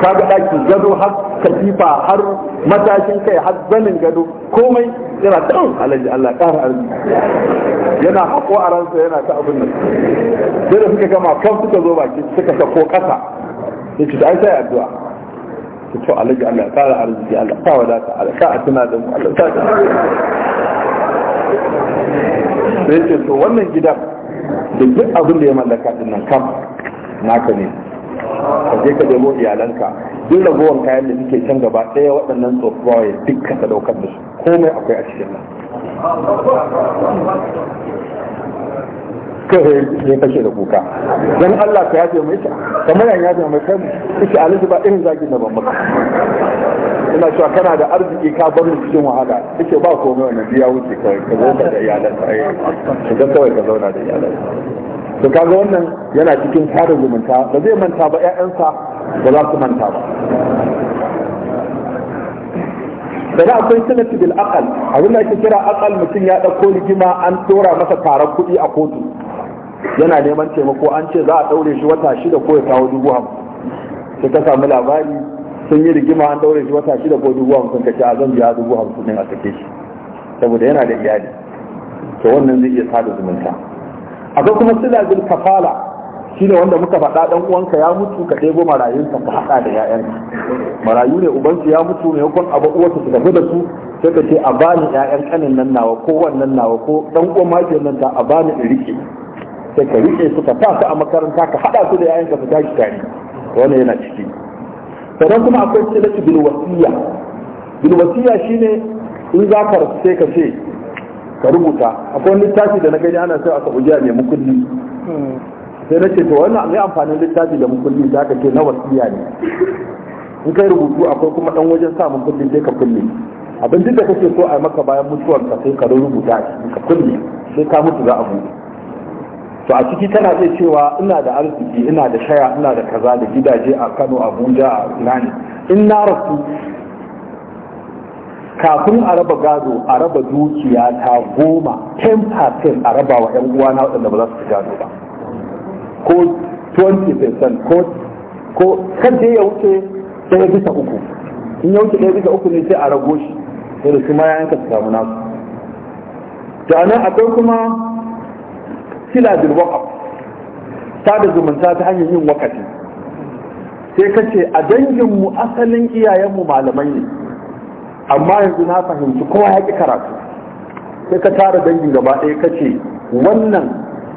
kaga daki gado har katifa har matashin kai har zanin gado komai yana dan alaji Allah ƙara arziki yana hako a ransa yana ta abin nan sai da suka gama kan suka zo baki suka sako ƙasa sai ki ai sai addu'a ki to alaji Allah ƙara arziki Allah ta wadata Allah a tuna da mu Allah ta sai ce to wannan gidan da duk abin da ya mallaka din nan kam naka ne ka je ka demo iyalanka duk ragowar kayan da suke can gaba ɗaya waɗannan tsofawa duk ka sadaukar da su komai akwai a cikin nan kai ne kashe da kuka dan Allah ka yafe mai kamar yan yafe mai kai ba irin zaki da ban ina cewa kana da arziki ka bar mu cikin wahala ba komai wannan biya wuce eh, ka zauna da iyalan ka kawai ka zauna da iyalan to kaga wannan yana cikin tare zumunta ba zai manta ba ƴaƴansa ba za su manta ba da akwai sanatu bil aqal abinda ake kira aqal mutum ya dauko rigima an tora masa taron kuɗi a kotu yana neman taimako an ce za a daure shi wata shida ko ya kawo dubu hamsin sai ta samu labari sun yi rigima an daure shi wata shida ko dubu hamsin ka ce a zan biya dubu hamsin din a sake shi saboda yana da iyali to wannan zai iya sada zumunta akwai kuma sila bil kafala shine wanda muka faɗa ɗan uwanka ya mutu ka ɗebo marayunsa ka haɗa da ƴaƴanka marayu ne ubansu ya mutu ne kun abu uwarsa su tafi da su sai ka ce a bani ƴaƴan kanin nan nawa ko wannan nawa ko ɗan uwan mahaifiyar nan ta a bani in rike sai ka rike su ka sa su a makaranta ka haɗa su da ƴaƴanka su tashi tare wannan yana ciki sannan kuma akwai silatu lati wasiya bil wasiya shine in za ka rasu sai ka ce ka rubuta akwai littafi da na gani ana sai a Saudiya mai mukulli sai na ce to wannan ne amfanin littafi da mukulli da aka ce na wasiya ne in kai rubutu akwai kuma dan wajen sa mukulli sai ka kulle abin duk da kake so a maka bayan mutuwar ka sai ka rubuta shi ka kulle sai ka mutu za a buɗe to a ciki tana iya cewa ina da arziki ina da shaya ina da kaza da gidaje a Kano Abuja a Nani in na rasu kafin a raba gado a raba dukiya ta goma 10% a raba wa 'yan uwana waɗanda ba za su ci gado ba ko 20% ko ko kan ya wuce ɗaya bisa uku in ya wuce ɗaya bisa uku ne sai a rago shi da su ma su samu nasu to anan akwai kuma sila bil ta sada zumunta ta hanyar yin wakati sai ka ce a danginmu asalin iyayenmu malamai ne amma yanzu na fahimci kowa ya ƙi karatu sai ka tara dangin gaba ɗaya ka ce wannan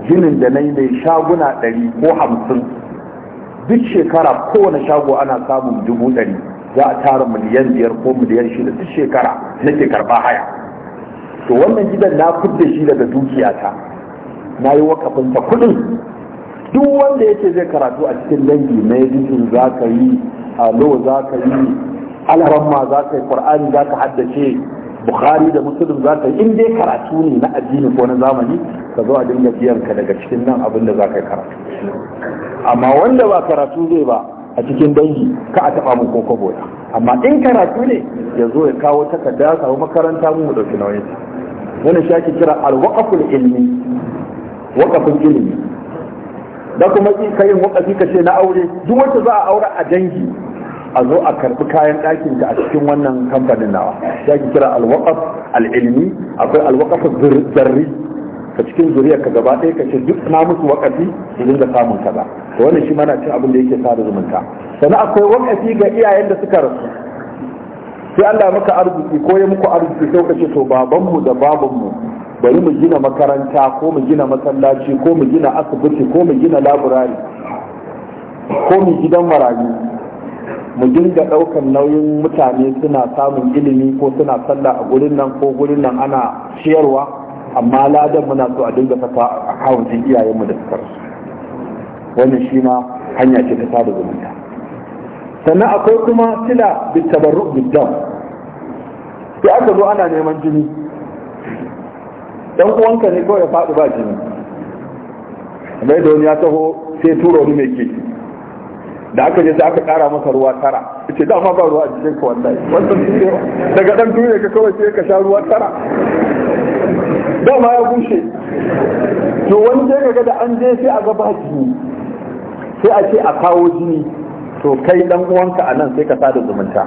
ginin da na yi mai shaguna ɗari ko hamsin duk shekara kowane shago ana samun dubu ɗari za a tara miliyan biyar ko miliyan shida duk shekara nake karɓa haya to wannan gidan na fidda shi daga dukiyata na yi wakafin ta duk wanda yake zai karatu a cikin dangi na yadda za ka yi alo za ka yi alaramma za ka yi ƙwar'ani za ka haddace bukhari da Musulun za ka in dai karatu ne na addini ko na zamani ka zo a dinga biyan ka daga cikin nan abin da za ka yi karatu amma wanda ba karatu zai ba a cikin dangi ka a taba mun koko amma in karatu ne ya zo ya kawo takarda samu makaranta mu dauki nauyin wannan shi ake kira alwaqaful ilmi waqaful ilmi da kuma kai waqafi ka ce na aure duk wanda za a aura a dangi a zo a karbi kayan ɗakin ka a cikin wannan kamfanin nawa ya ki kira alwaqaf al'ilmi akwai alwaqaf zarri ka cikin zuriyar ka gaba ɗaya ka ce duk na musu wakafi su dinga samun kaza to wannan shi mana cin abin da yake da zumunta sannan akwai wakafi ga iyayen da suka rasu sai Allah maka arziki ko ya muku arziki sai ka ce to babanmu da babanmu bari mu gina makaranta ko mu gina masallaci ko mu gina asibiti ko mu gina laburari ko mu gidan marayu mu dinga daukan nauyin mutane suna samun ilimi ko suna sallah a gurin nan ko gurin nan ana shiyarwa amma ladan muna so a dinga saka a kawun iyayenmu da suka rasu wannan shi ma hanya ce ta sada zumunta sannan akwai kuma sila da tabarru biddan. sai aka zo ana neman jini dan uwanka ne kawai ya faɗi ba jini bai da wani ya taho sai turo ni mai keke da aka je sai aka kara masa ruwa tara ce da ba ruwa a jikin ka wallahi wannan shi daga dan duniya ka kawai sai ka sha ruwa tara da ma ya bushe to wani je ga da an je sai a ga ba jini sai a ce a kawo jini to kai dan uwanka a nan sai ka sada zumunta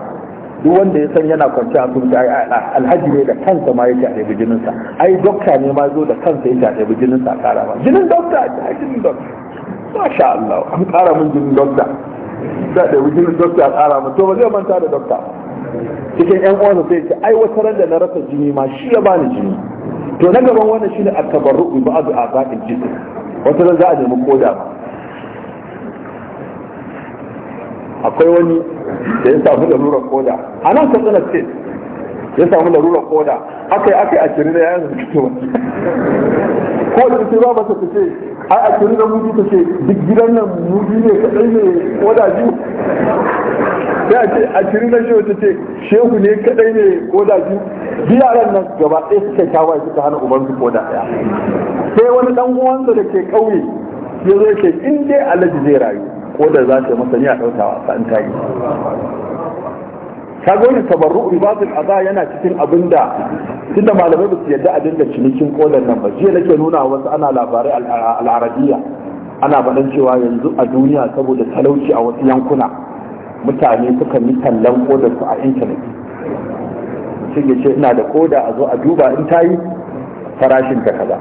duk wanda ya san yana kwanci a sun alhaji ne da kansa ma yake a ɗaya jininsa ai dokta ne ma zo da kansa yake a ɗaya jininsa a kara ba jinin dokta a jinin dokta masha Allah an kara min jinin dokta za da wujin dokta a tsara mu to ba zai manta da dokta cikin yan uwansa sai ce ai wata ran da na rasa jini ma shi ya bani jini to na gaban wannan shine at-tabarru'u a a'zaqil jini wata ran za a nemi koda ba akwai wani da ya samu da larurar koda a nan tsana ce ya samu da larurar koda aka yi aka yi ashirin da yayin fito ko da ce ba mata ta ce ai ashirin da mutu ta ce duk gidan nan mutu ne kaɗai ne wadaji sai a ce ashirin da shehu ta ce shehu ne kaɗai ne wadaji biyaran nan gaba ɗaya suka kyawaye suka hana ubansu ko da ɗaya sai wani ɗan uwansa da ke ƙauye ya zo ce in dai alaji zai rayu ko da za ta masa ni a ɗauka wasa in ta yi kaga wani tabarru ribazul aza yana cikin abinda tunda malamai ba su yadda a dinga cinikin kodan nan ba jiya nake nuna wasu ana labarai al'arabiya ana faɗan cewa yanzu a duniya saboda talauci a wasu yankuna mutane suka yi tallan kodan su a intanet shi ya ce ina da koda a zo a duba in ta yi farashin ta kaza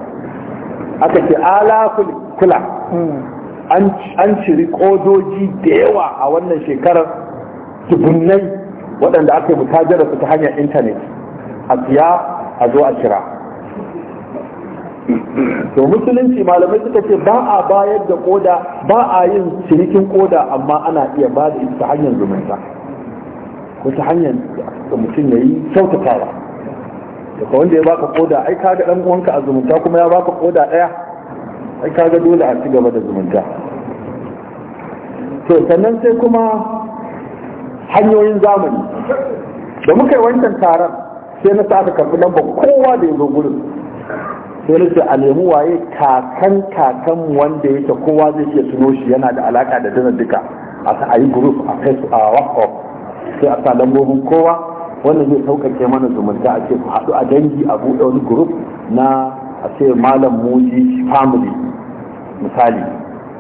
aka ce ala kula an ciri kodoji da yawa a wannan shekarar dubunnai waɗanda aka yi mutajar su ta hanyar intanet a siya a zo a kira to musulunci malamai suka ce ba a bayar da koda ba a yin cinikin koda amma ana iya ba da ita hanyar zumunta ko ta hanyar da mutum ya yi kyautatawa daga wanda ya baka koda ai kaga dan uwanka a zumunta kuma ya baka koda daya ai kaga dole a ci gaba da zumunta to sannan sai kuma hanyoyin zamani da muka yi wancan taron sai na sa karfi lamba kowa da ya zo gudun sai na ce a lemu waye kakan kakan wanda yake kowa zai iya suno shi yana da alaka da dana duka a yi group a su a whatsapp sai a sa lambobin kowa wanda zai saukake mana zumunta a ce ku haɗu a dangi a buɗe wani group na a ce malam muji family misali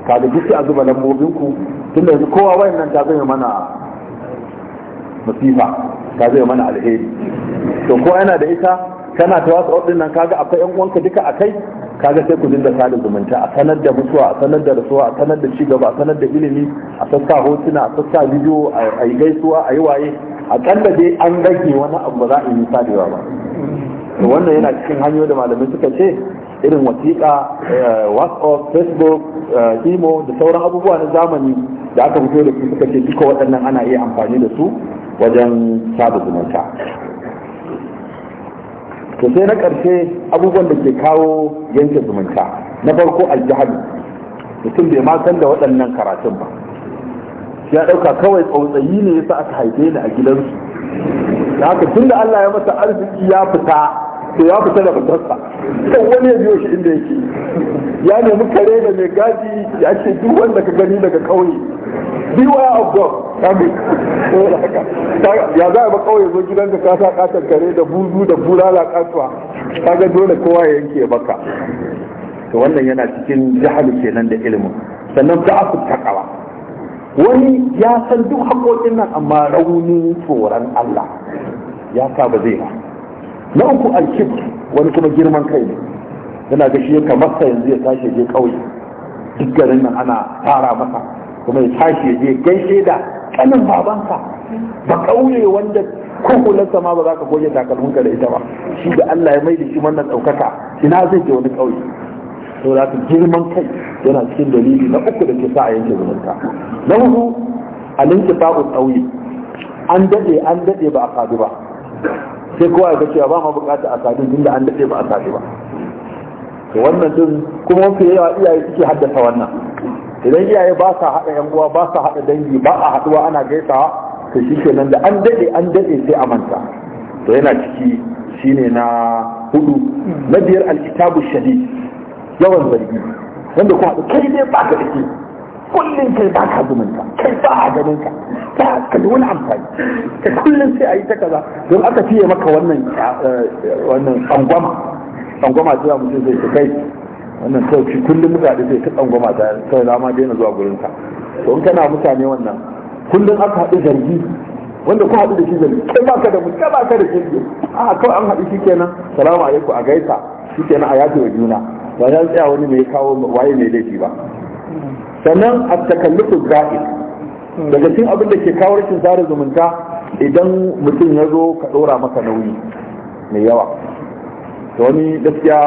kaga duk a zuba lambobin ku tunda yanzu kowa wayannan ta zama mana masifa ka zai mana alheri to ko yana da ita kana ta wasu ɗin nan kaga akwai yan uwanka duka a kai kaga sai ku dinga sada zumunta a sanar da mutuwa a sanar da rasuwa a sanar da cigaba a sanar da ilimi a sassa hotuna a sassa bidiyo a yi gaisuwa a yi waye akalla dai an rage wani abu ba za a yi sadewa ba wannan yana cikin hanyoyi da malamai suka ce irin wasiƙa eh, whatsapp facebook eh, imo da sauran abubuwa na zamani da aka fito da su suka ce duka waɗannan ana iya amfani da su wajen sada zumunta to sai na ƙarshe abubuwan da ke kawo yanke zumunta na farko aljihadi mutum bai ma san da waɗannan karatun ba ya ɗauka kawai tsautsayi ne ya sa aka haife ni a gidansu da haka tun da Allah ya masa arziki ya fita to ya fita da fitarsa kan wani ya biyo shi inda yake ya nemi kare da mai gadi ya ce duk wanda ka gani daga kauye beware of God ya za a ba ƙauye zo gidan ka kasa katon kare da buzu da bulala kasuwa ga dole kowa ya yanke baka to wannan yana cikin jahalu kenan da ilimin sannan ta aku takawa wani ya san duk haƙoƙin nan amma rauni tsoron Allah ya sa ba zai ba na uku alkif wani kuma girman kai ne yana ga shi ya masa yanzu ya tashi je kauye duk garin nan ana fara masa kuma ya tashi ya je gaishe da kanin babansa ba kauye wanda kukulansa ma ba za ka goge ka da ita ba shi da Allah ya mai da shi wannan ɗaukaka ina zai je wani kauye to za girman kai yana cikin dalili na uku da ke sa a yanke zumunta na hudu alinki ba'u tsauyi an daɗe an daɗe ba a sadu ba sai kowa ya ga cewa ba ma bukatar a sadu da an dace ba a sadu ba to wannan din kuma mafi yawa iyaye suke haddasa wannan idan iyaye ba sa haɗa yan uwa ba sa haɗa dangi ba a haɗuwa ana gaisawa to shi nan da an daɗe an daɗe sai a manta to yana ciki shine na hudu na biyar alkitabu shadi yawan zargi wanda kuma kai ne ba ka dake kullum kai ba ka zumunta kai ba a ganinka. ta ka da wani amfani ka kullum sai a yi ta kaza don aka fiye maka wannan wannan tsangwama tsangwama ta mutum zai ta kai wannan sauki kullum da sai ta tsangwama ta sai na ma daina zuwa gurin ka to in kana mutane wannan kullum aka haɗu zargi wanda ku haɗu da shi zargi kai ba ka da mu kai ba ka da shi a kawai an haɗu shi kenan salamu alaikum a gaisa shi kenan a yafe wa juna ba za tsaya wani mai kawo waye mai laifi ba sannan a takallufu ga'ir daga cikin abin da ke kawo rashin sada zumunta idan mutum ya zo ka ɗora masa nauyi mai yawa da wani gaskiya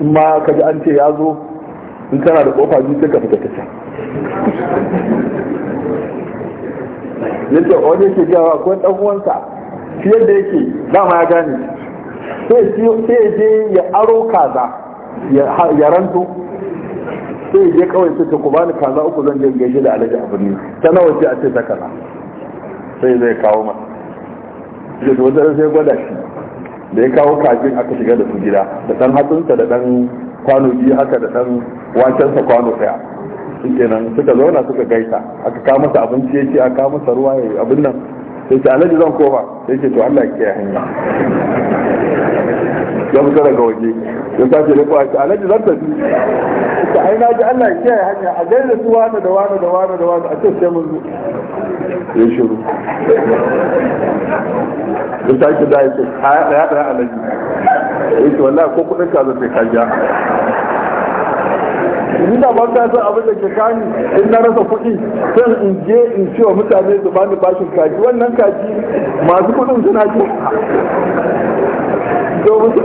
in ma ka ji an ce ya zo in kana da kofa biyu sai ka fita ta can yadda wani yake gawa akwai ɗan uwansa shi yadda yake dama ya gane sai ya je ya aro kaza ya ranto sai je kawai sai ta ku bani kaza uku zan je gaishe da alaji a birni ta nawa ce a ce ta kaza sai zai kawo ma da wata sai gwada shi da ya kawo kajin aka shiga da su gida da dan hatsinsa da dan kwano biyu haka da dan wakensa kwano daya shikenan suka zauna suka gaisa aka kawo masa abinci ya ce aka kawo masa ruwa ya abin nan sai ce alhaji zan koma sai ce to Allah kiyaye hanya ya kada ga waje ya sace da kwa ce alhaji zan tafi ta ai na ji Allah ya kiyaye hanya a gaida su wani da wani da wani da wani a ce sai mun zo ya shiru Sai sace da ya ce ya da alhaji sai ce wallahi ko kudin ka zai ka ja inda ba ta san abin da ke kani in na rasa kuɗi sai in je in ce wa mutane su bani bashin kaji wannan kaji masu kuɗin suna ce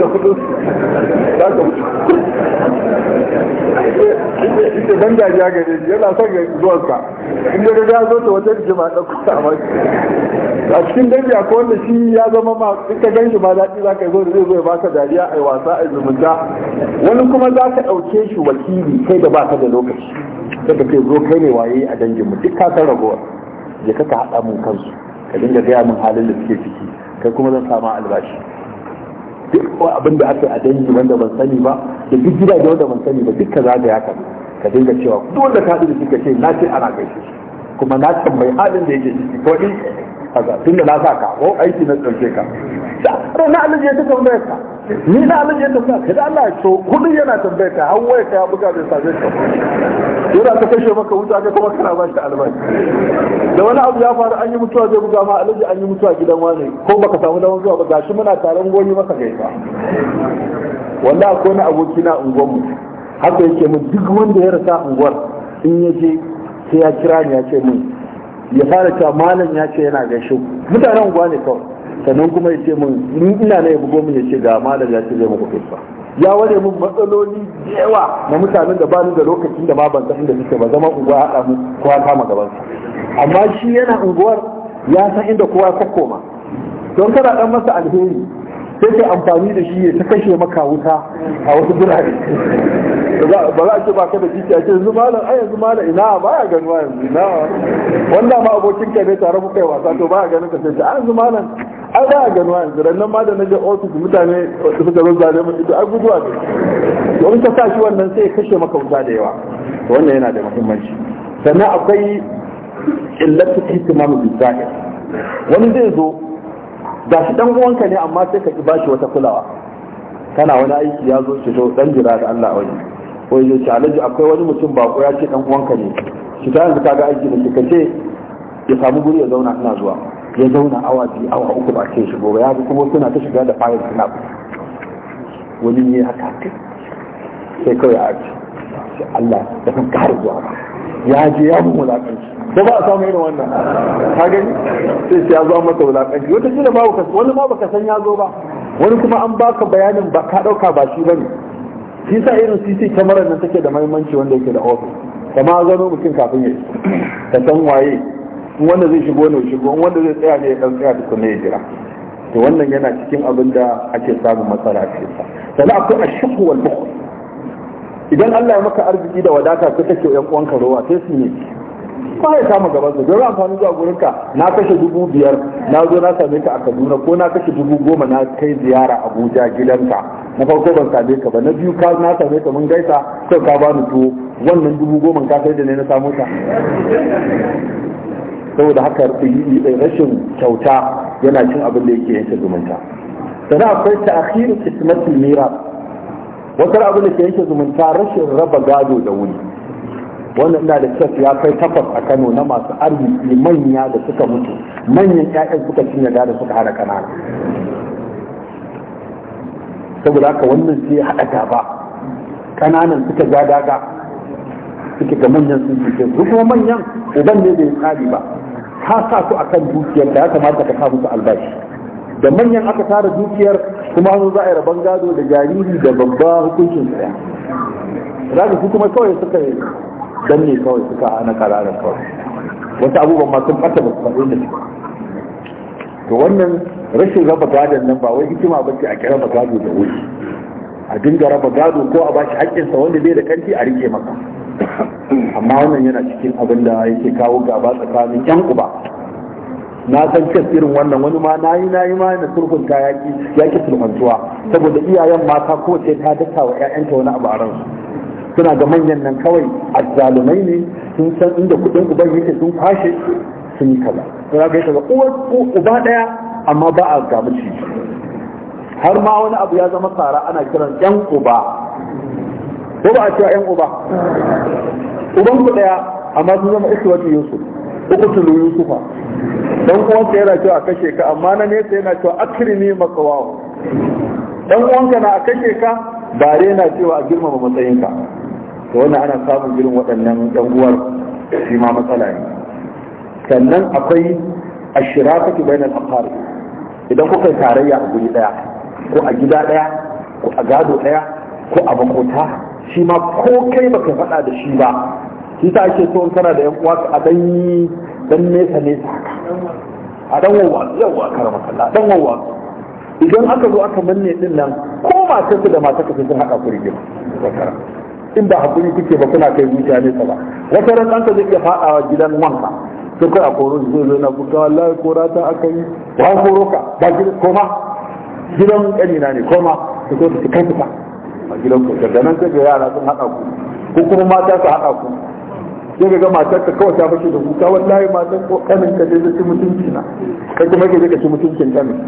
da kudin za ka mutu ita ban dariya da ya zo da kusa ya baka dariya a yi wasa a kuma za ka ɗauke shi wakili kai da ba da lokaci sai ka zo kai ne waye a mu duk ka san ragowar je ka haɗa mun kansu ka dinga gaya mun halin da suke ciki kai kuma zan sama albashi duk abin da aka yi a dangi wanda ban sani ba da duk gidaje wanda ban sani ba dukka ka zagaya ka ka dinga cewa duk wanda ka da kika ce na ce ana gaishe shi kuma na tambayi halin da yake ciki ko in kaza tunda na sa ka ko aiki na ɗauke ka rana alaji ya ta tambaya ka ni na alaji ya tambaya ka da Allah ya so kudin yana tambaya ka har waya ka ya buga bai same ka yana ta kashe maka wuta ka kuma kana ba shi albashi da wani abu ya faru an yi mutuwa zai buga ma alaji an yi mutuwa gidan wani ko baka samu damar zuwa ba gashi muna taron goyi maka gaisa wanda akwai wani aboki na unguwarmu haka yake mun duk wanda ya rasa unguwar in ya je sai ya kira ni ya ce mun ya fara cewa malam ya ce yana gaishe mutanen unguwa ne kawai sannan kuma ya ce mun ni ina ne bugo mun ya ce ga malam ya ce zai muku fesa. ya ware mun matsaloli jewa yawa na mutanen da bani da lokacin da ma ban san inda suke ba zama unguwa ya haɗa mu kowa kama gaban amma shi yana unguwar ya san inda kowa ya koma don kada dan masa alheri sai ka amfani da shi ya ta kashe maka wuta a wasu birane ba za a ce ba ka da jiki a ce yanzu malam ai yanzu malam ina ba ya ganuwa yanzu ina wanda ma abokin ka ne tare mu kai wasa to ba ya ganin ka sai ta yanzu malam a ba a a yanzu nan ma da na je ofis mutane da suka zo zane mu ido a guduwa su wani ta sa shi wannan sai ya kashe maka wuta da yawa wannan yana da muhimmanci sannan akwai illatu ma mu zahir wani zai zo ga shi dan uwanka ne amma sai ka ki bashi wata kulawa kana wani aiki ya zo shi zo dan jira da Allah wani ko yace alaji akwai wani mutum ba ko ya ce dan uwanka ne shi ta yanzu kaga aiki da shi ce ya samu guri ya zauna suna zuwa ya zauna awa biyu awa uku ba ke shigo ba ya ji kuma suna ta shiga da fayar suna wani ne haka sai kawai a ci Allah da kan kare zuwa ba ya je ya mu wulakanci da ba a samu irin wannan ka gani sai sai ya zo masa wulakanci wata shi babu wani ma baka san ya zo ba wani kuma an baka bayanin ba ka dauka ba shi bane shi sa irin CC kamarar nan take da mahimmanci wanda yake da ofis kama gano mutum kafin ya ta san waye wanda zai shigo ne shigo wanda zai tsaya ne ya dan tsaya ne ya jira to wannan yana cikin abin da ake samun matsala ce sannan akwai ashqu wal bukhl idan Allah ya maka arziki da wadata ka take yan ka rowa sai su ne ba ya samu gaban sa don amfani zuwa gurin ka na kashe dubu biyar na zo na same ka a Kaduna ko na kashe dubu goma na kai ziyara Abuja gidanka na farko ban same ka ba na biyu ka na same ka mun gaisa sai ka bani tuwo wannan dubu goma ka kai da ne na samu ta saboda haka rashin kyauta yana cin abin da yake yanke zumunta sannan akwai ta'khir ismatul mira wata abin da ke yanke zumunta rashin raba gado da wuri wannan ina da kes ya kai takwas a Kano na masu arziki manya da suka mutu manyan ƴaƴan suka cinye gado suka hada kanana saboda haka wannan sai ya haɗa gaba kananan suka ja daga suke ga manyan sun fice su kuma manyan uban ne bai tsari ba ka sa su kan dukiyar da ya kamata ka sa musu albashi da manyan aka tara dukiyar kuma hannu za a yi rabon gado da jariri da babba hukuncin tsaya za su kuma kawai suka yi ne kawai suka ana kararar kawai Wata abubuwan masu fata ba su faɗi da to wannan rashin raba gadon nan ba wai hikima ba ce a kira raba gado da wuri a dinga raba gado ko a bashi haƙƙinsa wanda bai da ƙarfi a rike maka amma wannan yana cikin abin da yake kawo gaba tsakanin yan uba na san kes irin wannan wani ma nayi nayi ma na sulhunta yaki yaki sulhantuwa, saboda iyayen mata ko ce ta daka wa ƴaƴanta wani abu a ransu suna ga manyan nan kawai azzalumai ne sun san inda kudin uban yake sun kwashe sun yi kaza za ga ga uwar uba daya amma ba a gamu har ma wani abu ya zama tsara ana kiran ƴan uba ko ba a cewa yan uba uban ku daya amma sun zama iswatu yusuf uku tulu yusufa dan uwanka yana cewa a kashe ka amma na nesa yana cewa akrimi makawawo dan uwanka na a kashe ka bare yana cewa a girmama matsayinka to wani ana samun girin waɗannan yan uwar shi ma matsala ne sannan akwai ashirakatu bainal aqarib idan kuka tarayya a guri ɗaya ko a gida ɗaya ko a gado ɗaya ko a makota shi ma ko kai baka faɗa da shi ba shi ta ake so kana da yan uwa a dan yi dan nesa nesa a dan wawa yawa karama kalla dan wawa idan aka zo aka manne din nan ko su da matarka sun haɗa kurgin in ba hakuri kuke ba kuna kai zuciya nesa ba wata ran ɗanka zai iya faɗawa gidan wanka to kai a koro zai zo na kuka wallahi kora ta aka yi ba koro ka ba gidan koma gidan ƙanina ne koma su zo su kai fita a gidan ku daga nan sai ga yara sun haɗa ku ko kuma mata su haɗa ku sai ga matar ka kawai ta fashe da ka wallahi matan ko kanin ka dai zai mutunci na kai kuma kai zai ka ci mutuncin kanin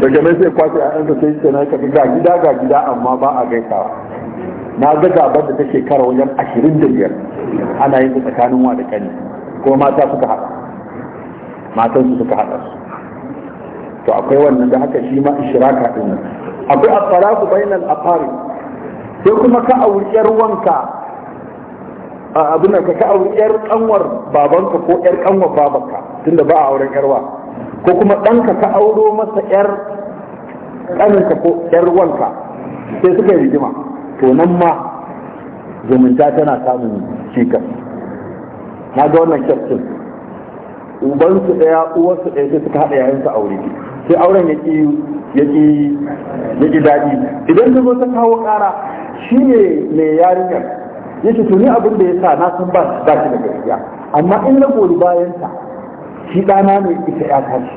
daga nan sai kwace a ɗansa sai ce na ka ga gida ga gida amma ba a gaisawa na ga gabar da ta shekara wajen ashirin da biyar ana yin tsakanin wa da kani ko mata suka haɗa matan su suka haɗa su to akwai wannan da haka shi ma ishiraka din akwai at-talaqu bainal aqarib sai kuma ka auri wanka wanka abin ka ka auri kanwar babanka ko yar kanwar babanka tunda ba a auren yarwa ko kuma ɗanka ka auro masa yar ƙaninka ko yar wanka sai suka yi rigima to nan ma zumunta tana samun cikas na ga wannan kyaftin ubansu ɗaya uwarsu ɗaya sai suka haɗa yayansu aure sai auren ya ƙi daɗi idan ta zo ta kawo ƙara shi ne mai yarinyar yake to ni abin da ya sa na san ba shi da gaskiya amma in na goyi bayanta shi ɗana ne ita ya tashi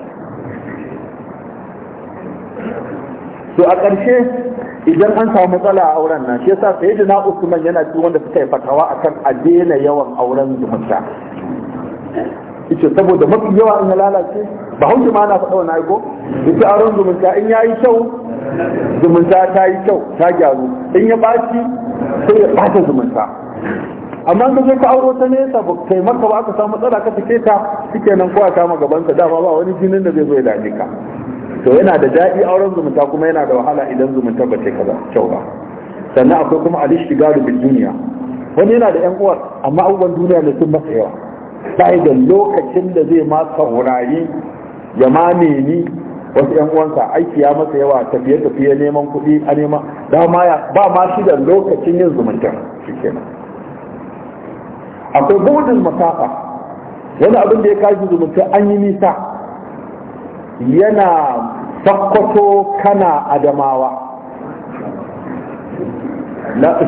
to a ƙarshe idan an samu matsala a auren nan shi yasa sai na Usman yana ci wanda suka yi fatawa akan a daina yawan auren zumunta ita saboda mafi yawa in ya lalace ba hauki ma na faɗa wani aiko ita auren zumunta in yi kyau zumunta ta yi kyau ta gyaru in ya ɓaci sai ya ɓata zumunta amma ka je ka auro ta nesa ta kai maka ba aka samu matsala ka take ta shike nan kowa kama gaban ka dama ba wani jinin da zai zo ya dace ka to yana da daɗi auren zumunta kuma yana da wahala idan zumunta ba ta kaza kyau ba sannan akwai kuma al-ishtigalu bil duniya wani yana da yan uwa amma abubuwan duniya ne sun masa yawa sai da lokacin da zai ma saurayi ya ma nemi wasu yan uwansa aiki ya masa yawa tafiye tafiye neman kuɗi a nema da ya ba ma shi da lokacin yin zumunta shikenan akwai gudun masafa wani abin da ya kashi zumunta an yi nisa yana sakkwato kana adamawa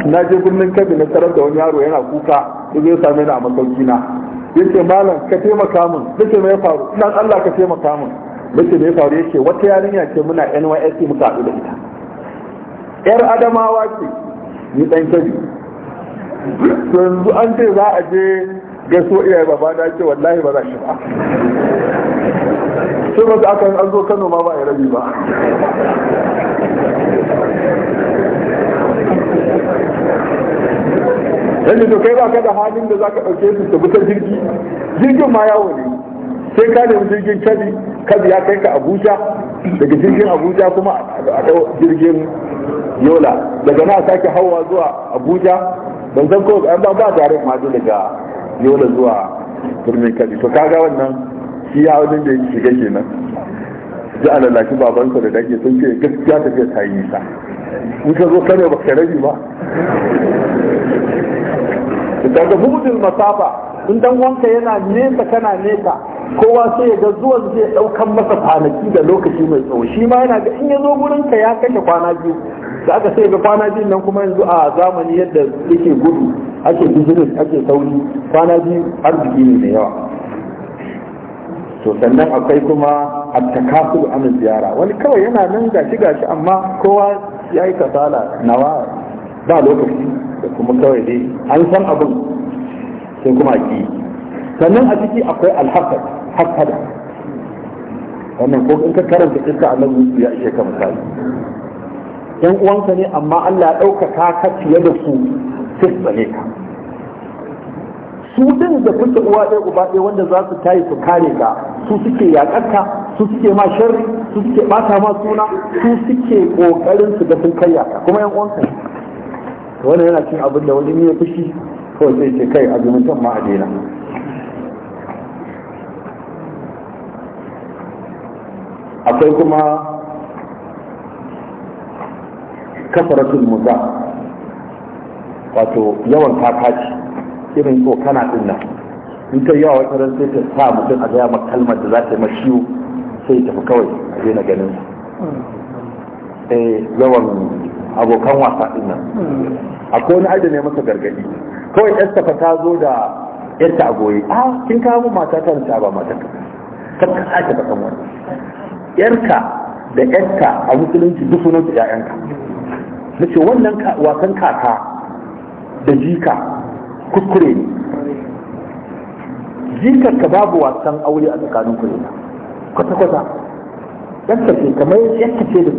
na je birnin kabi na tarar da wani yaro yana kuka ko zai same ni a masauki na yace malam ka taimaka min nake mai ya faru dan Allah ka taimaka min nake da ya faru yake wata yarinya ce muna NYSC muka haɗu da ita yar adamawa ce ni ɗan kabi to yanzu an ce za a je ga so iyaye baba da ce wallahi ba za shi ba sai ba aka an zo Kano ma ba a rabi ba yanzu to kai ba ka da halin da za ka ɗauke su ta jirgi jirgin ma yawo ne sai ka nemi jirgin cabi kabi ya kai ka abuja daga jirgin abuja kuma a ɗau jirgin yola daga na sake hawa zuwa abuja ban san ko an ba ba tare ma daga yola zuwa birnin kabi to kaga wannan shi ya wajen da yake shiga kenan ji a lalashi babansa da dake sun ce gaskiya tafiya ta yi nisa in ka zo kare ba ka rabi ba daga bugudin masafa in dan wanka yana nesa kana nesa kowa sai yaga ga zuwan zai ɗaukan masa kwanaki da lokaci mai tsawo shi ma yana ga in ya zo gurin ka ya kashe kwana biyu da aka sai ga kwana biyu nan kuma yanzu a zamani yadda yake gudu ake bijirin ake sauri kwana biyu arziki ne da yawa to sannan akwai kuma attakasul amin ziyara wani kawai yana nan gashi gashi amma kowa ya yi kasala nawa ba lokaci da kuma kawai dai an san abin sai kuma ki sannan a ciki akwai alhasad hafada. wannan ko in ka karanta iska annabi ya ishe ka misali yan uwanka ne amma Allah ya ɗaukaka ka fiye da su sai tsane ka su din da kuka uwa ɗaya uba ɗaya wanda za su tayi su kare ka su suke yaƙarka su suke ma sharri su suke ɓata ma suna su suke ƙoƙarin su da sun karya ka kuma yan uwanka ne wannan yana cin abin da wani ne ya fushi kawai sai ce kai azumin ma a daina akwai kuma kafaratul muza wato yawan kakaci irin ko kana din nan in kai yawa wata ran sai ta sa mutum a gaya kalmar da za ta yi mashiyu sai tafi kawai a daina ganin e yawan abokan wasa din nan akwai wani aida ne masa gargadi kawai yar ta zo da yadda a goyi a ah, kin kawo mata ta ba mata ka ka sake bakan wani yarka da yarka a musulunci duk sunan su ƴaƴanka nace wannan wasan kaka da jika kuskure ne jikar ka babu wasan aure a tsakanin ku ne kwata kwata yarka ce kamar yarka ce da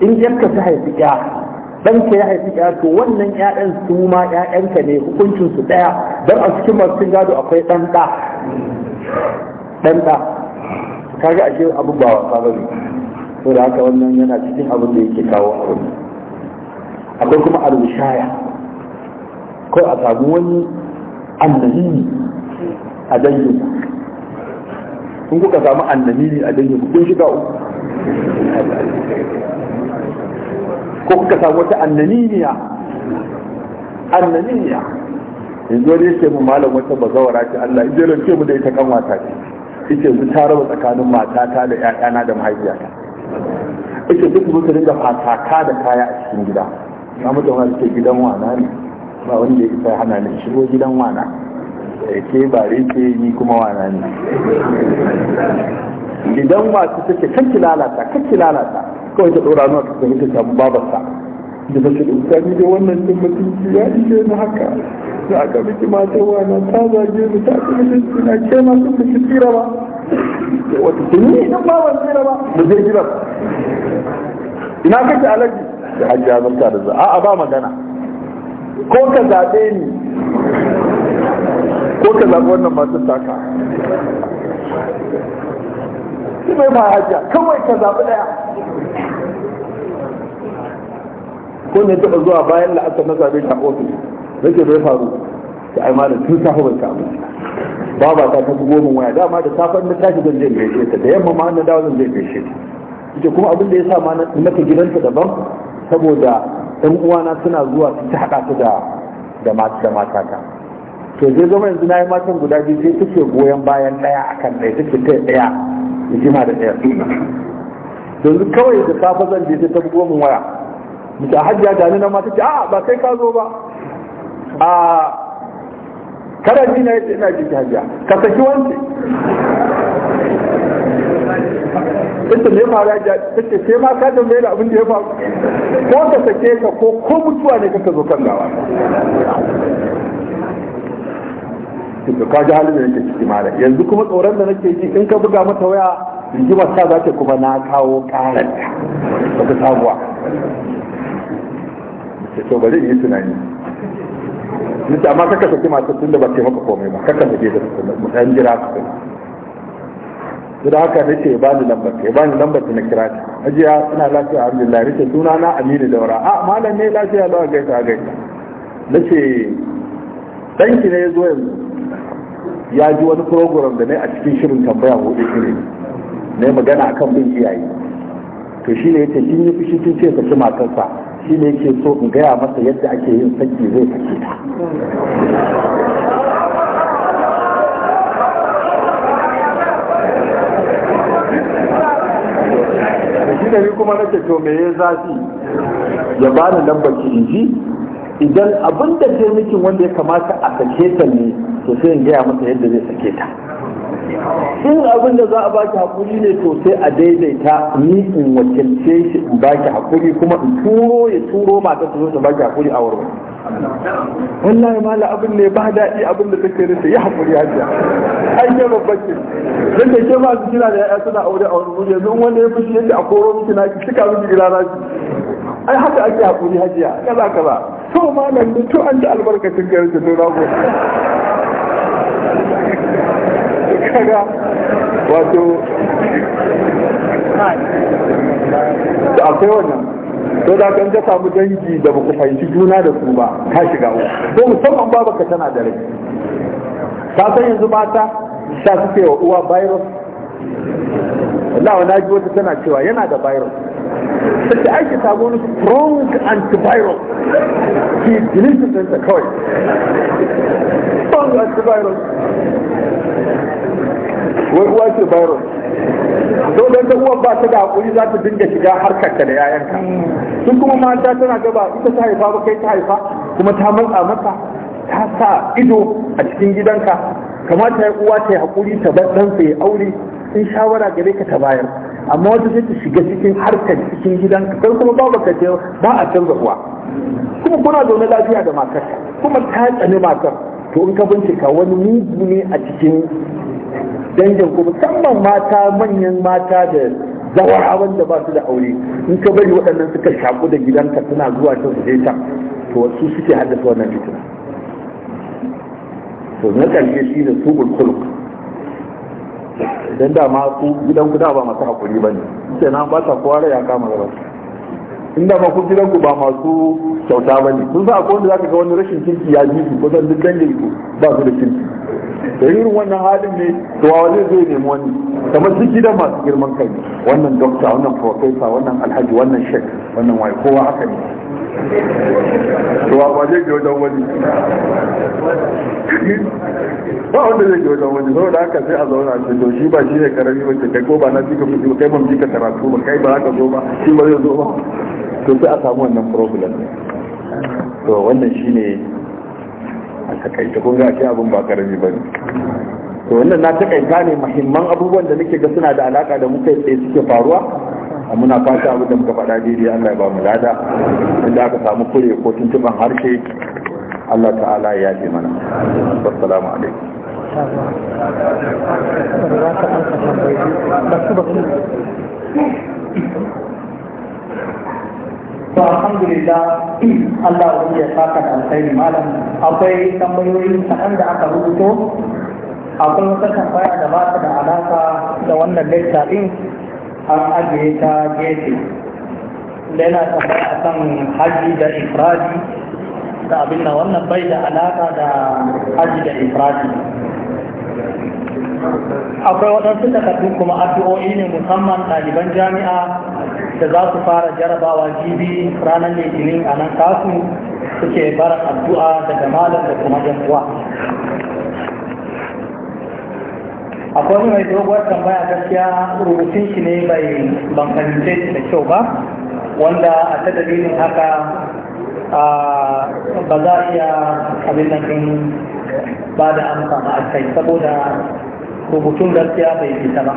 in yarka ta haifi ƴa ɗanka ya haifi ƴa to wannan ƴaƴan su ma ƴaƴanka ne hukuncin su ɗaya dan a cikin masu gado akwai ɗan da ɗan da kaga ashe abin ba wasa ba ne to da haka wannan yana cikin abin da yake kawo abin akwai kuma alwishaya ko a samu wani annabi a dangin kun kuka samu annabi a dangin ku kun shiga uku ko kuka samu wata annaniya annaniya yanzu wani yake mu malam wata bazawara ce Allah in jelan mu da ita kan wata ce ita yanzu ta raba tsakanin matata da 'ya'yana da mahaifiyata ita duk muka da fataka da kaya a cikin gida na mutum wani ke gidan wana ne ba wanda ya isa hana ne shigo gidan wana da eh, ke bare ke ni kuma wana ne gidan wasu take kakki lalata kakki lalata kawai ta dora nuna kakki fahimta ta babarsa da bashi da mutane da wannan din mutunci ya ishe na haka da aka miki mata wana ta zage mu ta kuma shi na ke masu sun miki tsira ba wata tuni na ba ban tsira ba mu zai gina. ina kake alaji da hajji ya zanta da za a ba magana ko ka zaɓe ni ko ka zaɓi wannan masu taka Sai bai ma hajja kawai ka zaɓi ɗaya ko ne taɓa zuwa bayan la'asar na zabe ta ofis nake bai faru da ai malam tun safa ban samu ba ba ta ta goma waya dama da safar na tashi zan je gaishe ta da yamma ma na dawo zan je gaishe ta ita kuma abin da ya sa ma na ta gidanta daban saboda ɗan uwana suna zuwa su ta haɗa ta da da matata to zai zama yanzu na yi matan guda biyu sai take goyon bayan ɗaya akan ɗaya take kai ɗaya jima da ɗaya yanzu kawai da safa zan je ta goma waya da hajjiya gani nan ma ce a ba kai ka zo ba a kada na yace ina ji hajji ka saki wance ita ne ma ya ja ta ce sai ma ka da mai da abin da ya faru ko ka sake ka ko ko mutuwa ne kaka zo kan gawa to ka ji halin da nake ciki malam yanzu kuma tsoron da nake ji in ka buga mata waya rigimar ta za ta kuma na kawo karanta ba ta sabuwa sai to bari yi tunani nita amma kaka saki masu tun da ba ce maka komai ba kaka saki da su mutan jira su kai su da haka nace ya bani lambar ya ni lambar ta na kira ta ajiya ina lafiya alhamdulillah rike suna na aminu daura a ah, malam ne lafiya lawa gaita gaita ce danki ne ya zo yanzu ya ji wani program da ne a cikin shirin tambaya hudu shi ne magana akan bin iyaye to shi ne ya ce kin yi fushi kin ce ka ci matarsa shi ne ke so in gaya masa yadda ake yin saki zai sake ta shi kuma nake to me ya zafi ya bani lambar ki idan abin da ke mikin wanda ya kamata a sake ta ne to sai in gaya masa yadda zai sake ta in abin da za a baki hakuri ne to sai a daidaita ni in wakilce shi in baki hakuri kuma in turo ya turo mata su ta baki hakuri a wurin wallahi mala abin ne ba daɗi abin da take rinta ya hakuri hajiya ai yi babban ki dan da ke ma su jira da yaya suna aure a wani yanzu wanda ya fushi yake a koro miki na ki cika miki gida na ki ai haka ake hakuri hajiya kaza kaza to malam to an ji albarkacin garin da na gode kaga wato da akwai wannan to da kan ka samu dangi da baku fahimci juna da su ba ka shiga uku ko musamman ka tana da rai ka san yanzu mata ta suke wa uwa virus Allah na ji wata tana cewa yana da virus sai aiki ta wani strong antivirus ki dinin ta kawai strong antivirus wai uwa ce bayro to dan da uwa ba ta da hakuri za ta dinga shiga harkar ka da yayanka sun kuma mata tana gaba ita ta haifa ba kai ta haifa kuma ta matsa maka ta sa ido a cikin gidanka kamata ya uwa ta yi hakuri ta bar ɗansa ya aure in shawara gare ka ta bayar amma wata sai ta shiga cikin harkar cikin gidanka kai kuma ba ka ce ba a canza uwa kuma kuna zaune lafiya da matar kuma ta tsani matar to in ka bincika wani mugu ne a cikin dangin ku musamman mata manyan mata da zawara wanda ba su da aure in ka bari waɗannan suka shaku da gidanka suna zuwa ta su ta to su suke haddasa wannan fitina to na ƙarshe shi da su kulkuluk idan ma ku gidan ku da ba masu haƙuri ba ne sai na ba ta kowa ya kama gaba inda ba ku gidan ku ba masu kyauta ba ne kun sa akwai wanda zaka ga wani rashin kirki ya ji su kusan duk dangin ku ba su da kirki da irin wannan halin ne to a zai zai nemi wani kamar su gidan masu girman kai wannan dokta wannan profesa wannan alhaji wannan shek wannan wai kowa haka ne to ba zai wajen wani ba wanda zai je wajen wani saboda haka sai a zauna ce to shi ba shi ne karami wacce kai ko ba na jika fi kai ban jika karatu ba kai ba haka zo ba shi ba zai zo ba to sai a samu wannan problem ne to wannan shine a takaita kun ga shi abin ba karami bane to wannan na takaita ne muhimman abubuwan da nake ga suna da alaka da muka tsaye suke faruwa muna fata abin da muka faɗa daidai Allah ya ba mu lada inda aka samu kure ko tuntuban harshe Allah ta'ala ya ce mana assalamu alaikum Thank you. to alhamdulillah Allah ya saka da alkhairi malam akwai tambayoyi kaɗan da aka rubuto akwai wata tambaya da ba ta da alaka da wannan lecture din an ajiye ta gefe da yana tambaya a kan haji da ifradi da abin da wannan bai da alaka da haji da ifradi akwai waɗansu takardu kuma addu'o'i ne musamman ɗaliban jami'a da za su fara jarabawa jibi ranar litinin a nan kasu suke bar addu'a daga malam da kuma uwa. akwai mai doguwar tambaya gaskiya rubutun shi ne bai ban shi da kyau ba wanda a ta dalilin haka ba za a iya abin da kan ba da amsa ba a kai saboda rubutun gaskiya bai fita ba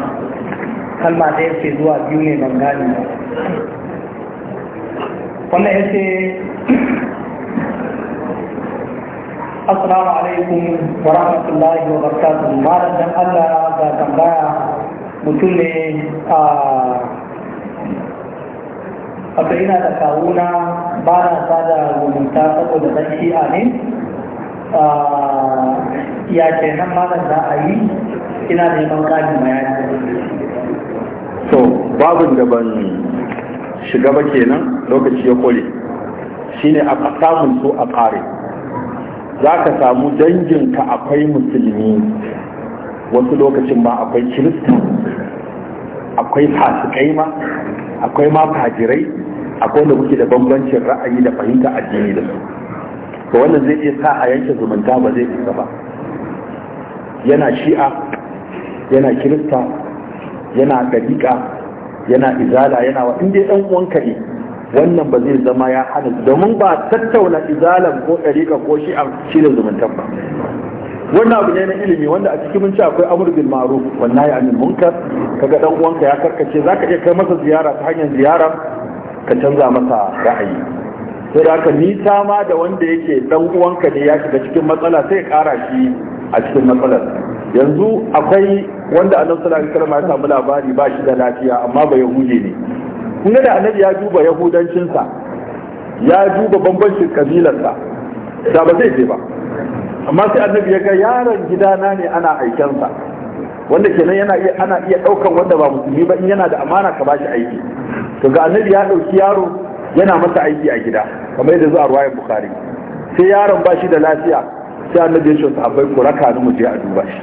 kalma ɗaya ce zuwa biyu ne ban gane wannan ya ce assalamu alaikum wa rahmatullahi wa barakatuhu malam dan Allah ga tambaya mutum ne a wato ina da kawuna ba na sada zumunta saboda dan shi'a ne ya ke nan malam za a yi ina da neman ma ya to babin da ban shiga ba kenan lokaci ya kore shine a samun su a kare. za ka samu danginka akwai musulmi wasu lokacin ma akwai kirista akwai fasikai ma akwai ma fajirai akwai da kuke da bambancin ra'ayi da fahimta addini da su to wannan zai iya sa a yanke zumunta ba zai isa ba yana shi'a yana kirista yana dariƙa yana izala yana wa inda ɗan uwanka ne wannan ba zai zama ya hana domin ba tattauna izalan ko Ɗariƙa, ko shi'a shi da zumuntan ba wannan abu ne na ilimi wanda a cikin ci akwai amur bil ma'ruf wannan ya anil munkar kaga dan uwanka ya karkace zaka iya kai masa ziyara ta hanyar ziyara ka canza masa ra'ayi sai da aka nisa ma da wanda yake dan uwanka ne ya shiga cikin matsala sai kara shi a cikin matsalar yanzu akwai wanda annabi sallallahu alaihi wasallam ya samu labari ba shi da lafiya amma ba yahudi ne kun da annabi ya duba yahudancinsa ya duba bambancin kabilarsa da ba zai je ba amma sai annabi ya ga yaron gidana ne ana sa wanda kenan yana iya ana iya daukan wanda ba musulmi ba in yana da amana ka ba shi aiki to ga annabi ya dauki yaro yana masa aiki a gida kamar yadda zuwa ruwayen bukari sai yaron ba shi da lafiya sai annabi ya shi abai ku raka ni mu je a duba shi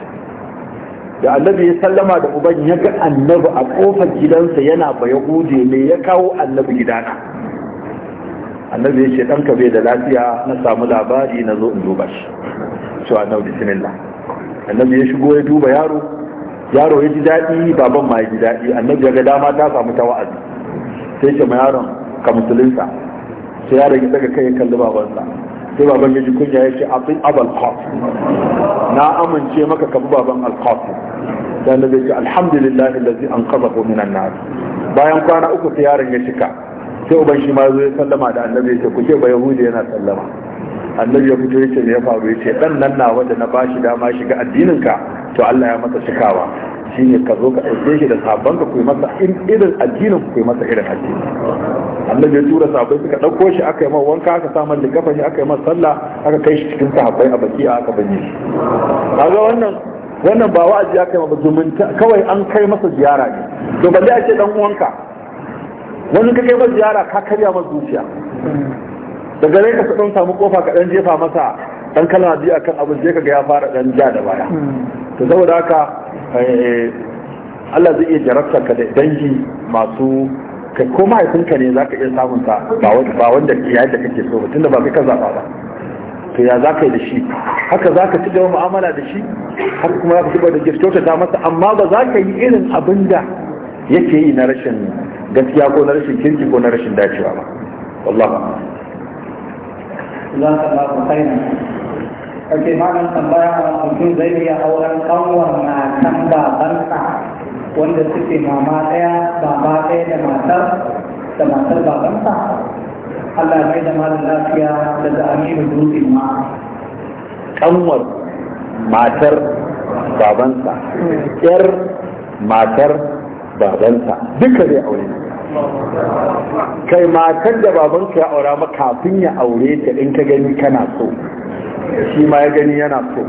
da annabi ya sallama da uban ya ga annabi a kofar gidansa yana ba yahudi ne ya kawo annabi gidana annabi ya ce ɗanka bai da lafiya na samu labari na zo in duba shi cewa annabi bismillah annabi ya shigo ya duba yaro yaro ya ji daɗi baban ma ya ji daɗi annabi ya ga dama ta samu ta wa'azi sai ce ma yaron ka musulunta sai ya rage daga kai ya kalli babansa sai baban ya ji kunya ya ce abin abal qasim na amince maka ka bi baban al da dan zai ce alhamdulillah an kaza min an na bayan kwana uku sai yaron ya shika sai uban shi ma zai sallama da annabi ya ce ku ce ba yahudi yana sallama annabi ya fito ya ce me ya faru ce dan nan nawa da na bashi dama shiga addinin ka to Allah ya masa shikawa shine ka zo ka ɗauke shi da sabon ka kuyi masa irin addinin ku kuyi masa irin addini annabi ya tura sabai suka ɗauko shi aka yi masa wanka aka samun likafa shi aka yi masa sallah aka kai shi cikin sahabbai a baki a aka banye shi kaga wannan wannan ba wa'azi aka yi ba zumunta kawai an kai masa ziyara ne to balle a ce dan uwanka wani ka kai masa ziyara ka karya masa zuciya daga gare ka ɗan samu kofa ka ɗan jefa masa dan kalma biyu akan abin je ka ga ya fara dan ja da baya hmm. to saboda haka Eh, Allah zai iya jarabta ka da dangi masu kai ko mahaifinka ne za ka iya samun ta ba wanda yayin da kake so tunda ba kai ka zaɓa ba to ya za ka yi da shi haka za ka ci gaba mu'amala da shi haka kuma za ka ci da gifta ta masa amma ba za ka yi irin abin da yake yi na rashin gaskiya ko na rashin kirki ko na rashin dacewa ba wallahi kake malam tambaya mutum zai iya auren kanwar matan babansa wanda suke mama ɗaya baba ɗaya da matar da hmm. matar babansa Allah mai da malam lafiya daga aminu dutsen ma kanwar matar babansa yar matar babansa duka zai aure kai matar da babanka ya aura maka kafin ya aure ta in ka gani kana so shi ma ya gani yana so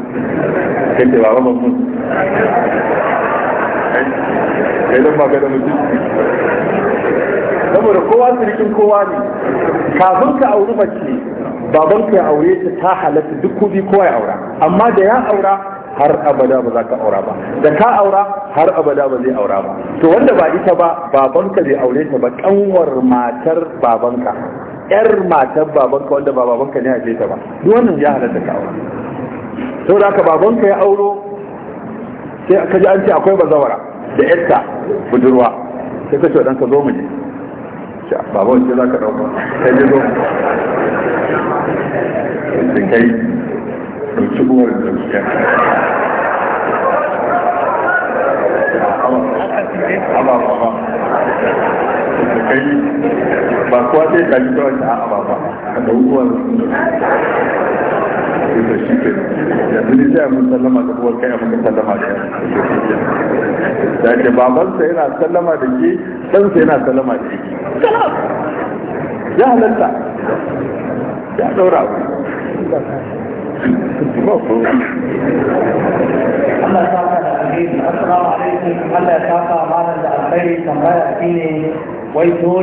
kai da baba mun kai da ba ga da mutum saboda kowa sirikin kowa ne kafin ka auri mace babanka ya aure ta ta halatta duk kudi kowa ya aura amma da ya aura har abada ba za ka aura ba da ka aura har abada ba zai aura ba to wanda ba ita ba babanka bai aure ta ba kanwar matar babanka yar matar babanka wanda ba babanka ne haife ta ba duk wannan ya halatta ka aura to da ka babanka ya auro sai ka ji an ce akwai bazawara da yarta budurwa sai ka ce dan ka zo mu je baba wace za ka dauka sai je zo kai da cigowar zuciya ababa da kai ba yanzu ne mun sallama da uwar kai mun sallama da da ke babansa yana sallama da ke ɗansa yana sallama da ke ya halatta ya ɗaura abu Allah ta ka da alheri assalamu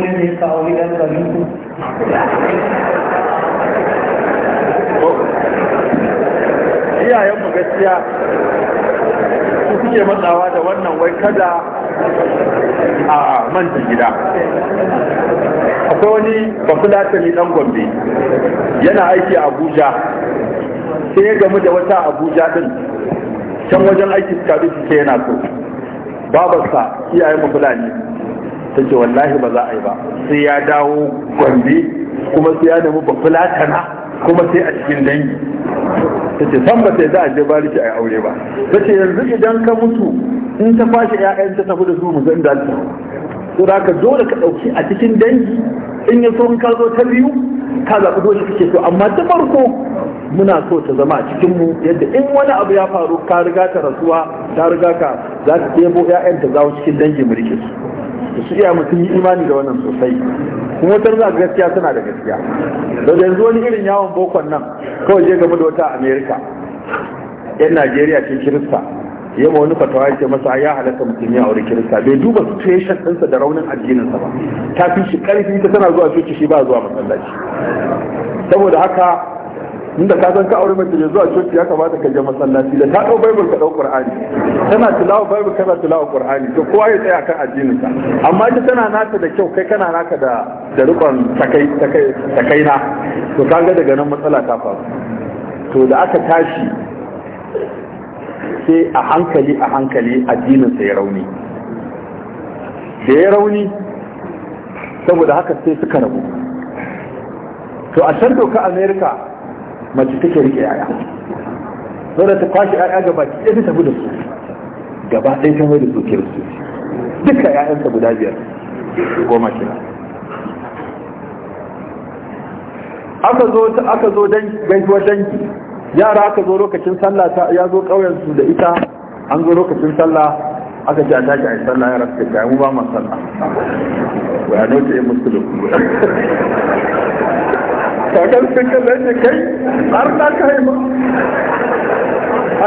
iyayen mu gaskiya su suke matsawa da wannan wai kada a manta gida akwai wani bafulatani dan gombe yana aiki a abuja sai ya gamu da wata abuja din can wajen aiki suka su ke yana so babarsa iyaye mu fulani ta ce wallahi ba za a yi ba sai ya dawo gombe kuma sai ya nemi ba fulatana kuma sai a cikin dangi ta ce san ba sai za a je bariki a yi aure ba ta ce yanzu idan ka mutu in ta fashe 'ya'yan ta tafi da su mu zan dalta to da ka dole ka ɗauki a cikin dangi in ya so in ka zo ta biyu ka zaɓi dole kake so amma ta farko muna so ta zama a cikin mu yadda in wani abu ya faru ka riga ta rasuwa ta riga ka za ta ɗebo ya'yan ta zawo cikin dangin mulki su su iya mutum yi imani da wannan sosai kuma wata za gaskiya tana da gaskiya da yanzu wani irin yawon bokon nan kawai je game da wata amerika yan najeriya ce kirista ma wani fatawa ya ce masa ya halatta mutum ya aure kirista bai duba situation ɗinsa da raunin addininsa ba ta fi shi ƙarfi ta tana zuwa coci shi ba zuwa masallaci saboda haka inda ka san ka aure mace da zuwa coci ya kamata ka je masallaci da ta dau bible ka dau qur'ani tana tilawa bible kana tilawa qur'ani to kowa ya tsaya kan addinin ka amma ita tana naka da kyau kai kana naka da da rikon takai takai takaina to kaga daga nan matsala ta faru to da aka tashi sai a hankali a hankali addinin sa ya rauni da ya rauni saboda haka sai suka rabu to a can doka america mace take rike yaya da ta kwashi yaya gaba ɗaya ta tafi da su gaba ɗaya ta mai da su kiristoci duka yayansa guda biyar goma kenan aka zo aka zo dan gaisuwar dangi yara aka zo lokacin sallah ta ya zo kauyen su da ita an zo lokacin sallah aka ji a tashi a sallah ya rasu ga mu ba mu sallah wa ya note da muslim kagan sai kallon shi kai har ta kai ma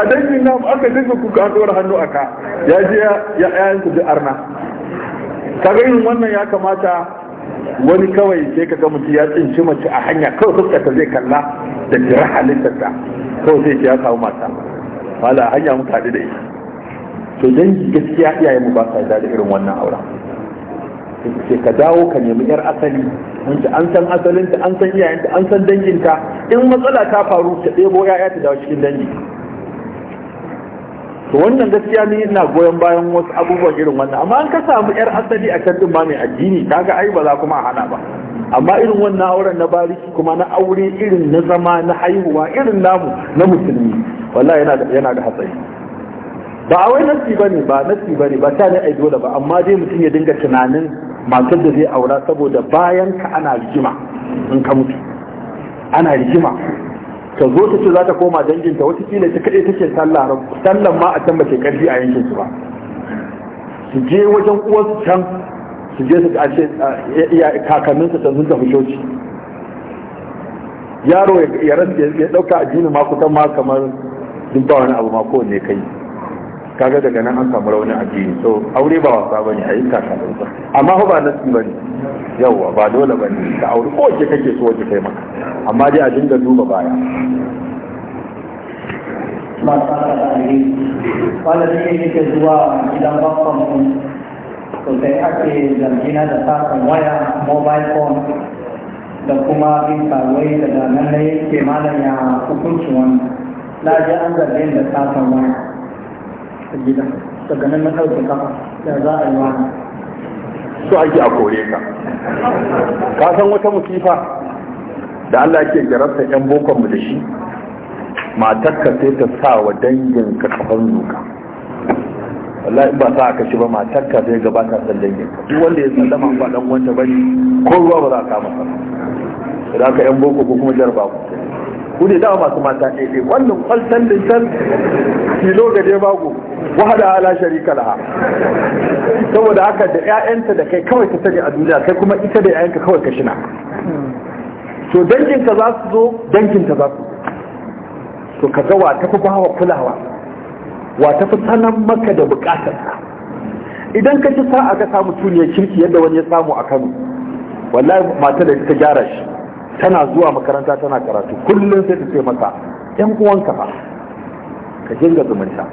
a dangin na aka dinga kuka dora hannu a ka ya je ya ayan ku arna ga yin wannan ya kamata wani kawai sai ka ga mutum ya tsinci mace a hanya kawai fuskar ta zai kalla da jira ta kawai sai ya samu mata wala hanya muka da ita to dangi gaskiya iyayen mu ba sa da irin wannan auren. ke ka dawo ka nemi yar asali wanda an san asalinta an san iyayenta an san danginta in matsala ta faru ta ɗebo ya'ya ta dawo cikin dangi to wannan gaskiya ne ina goyon bayan wasu abubuwan irin wannan amma an ka samu yar asali a can ma mai addini kaga ai ba za kuma hana ba amma irin wannan auren na bariki kuma na aure irin na zama na haihuwa irin namu na musulmi wallahi yana da yana da hatsari ba a wai nasi bane ba nasi bane ba ta ne ai dole ba amma dai mutum ya dinga tunanin matar da zai aura saboda bayan ka ana rigima in ka mutu ana rigima ta zo ta ce za ta koma danginta kila ta kaɗai take sallah sallan ma a can ba ke ƙarfi a yankin su ba su je wajen uwansu can su je su ce kakanninsu can sun tafi coci yaro ya rasa ya ɗauka addini ma kusan ma kamar duk wani abu ma kowanne kai kaga daga nan an samu rauni a addini so aure ba wasa bane a yin kakarin sa amma fa ba nasi bane yawa ba dole bane ka aure ko wace kake so wace kai maka amma dai a dinga duba baya wanda da yake zuwa gidan babban mun sosai ake zargina da sakon waya mobile phone da kuma bin kawai da zanen da yake malam ya hukunci wani na ji an zargin da sakon waya gida daga nan da za a yi wani su ake a kore ka ka san wata musifa da Allah ke jarabta yan bokon mu da shi matarka sai ta sa wa dangin ka kafan zuka wallahi ba sa aka shi ba matarka sai gabata san dangin ka duk wanda ya sallama ba dan wanda bane ko ruwa ba za ka masa da ka yan boko ko kuma jarba ku ku ne masu mata ɗaiɗai wannan kwaltan lintan filo ga dai bago wahala ala sharika laha saboda haka da ƴaƴanta da kai kawai ka sani a duniya kai kuma ita da ƴaƴanka kawai ka shina to danginka za su zo danginta za su to ka ga wa ta fi bawa kulawa wa ta fi sanan maka da ka idan ka ci sa'a ka samu tuniyar kirki yadda wani ya samu a Kano wallahi mata da ta gyara shi tana zuwa makaranta tana karatu kullum sai ta ce masa yan uwanka fa ka jinga zumunta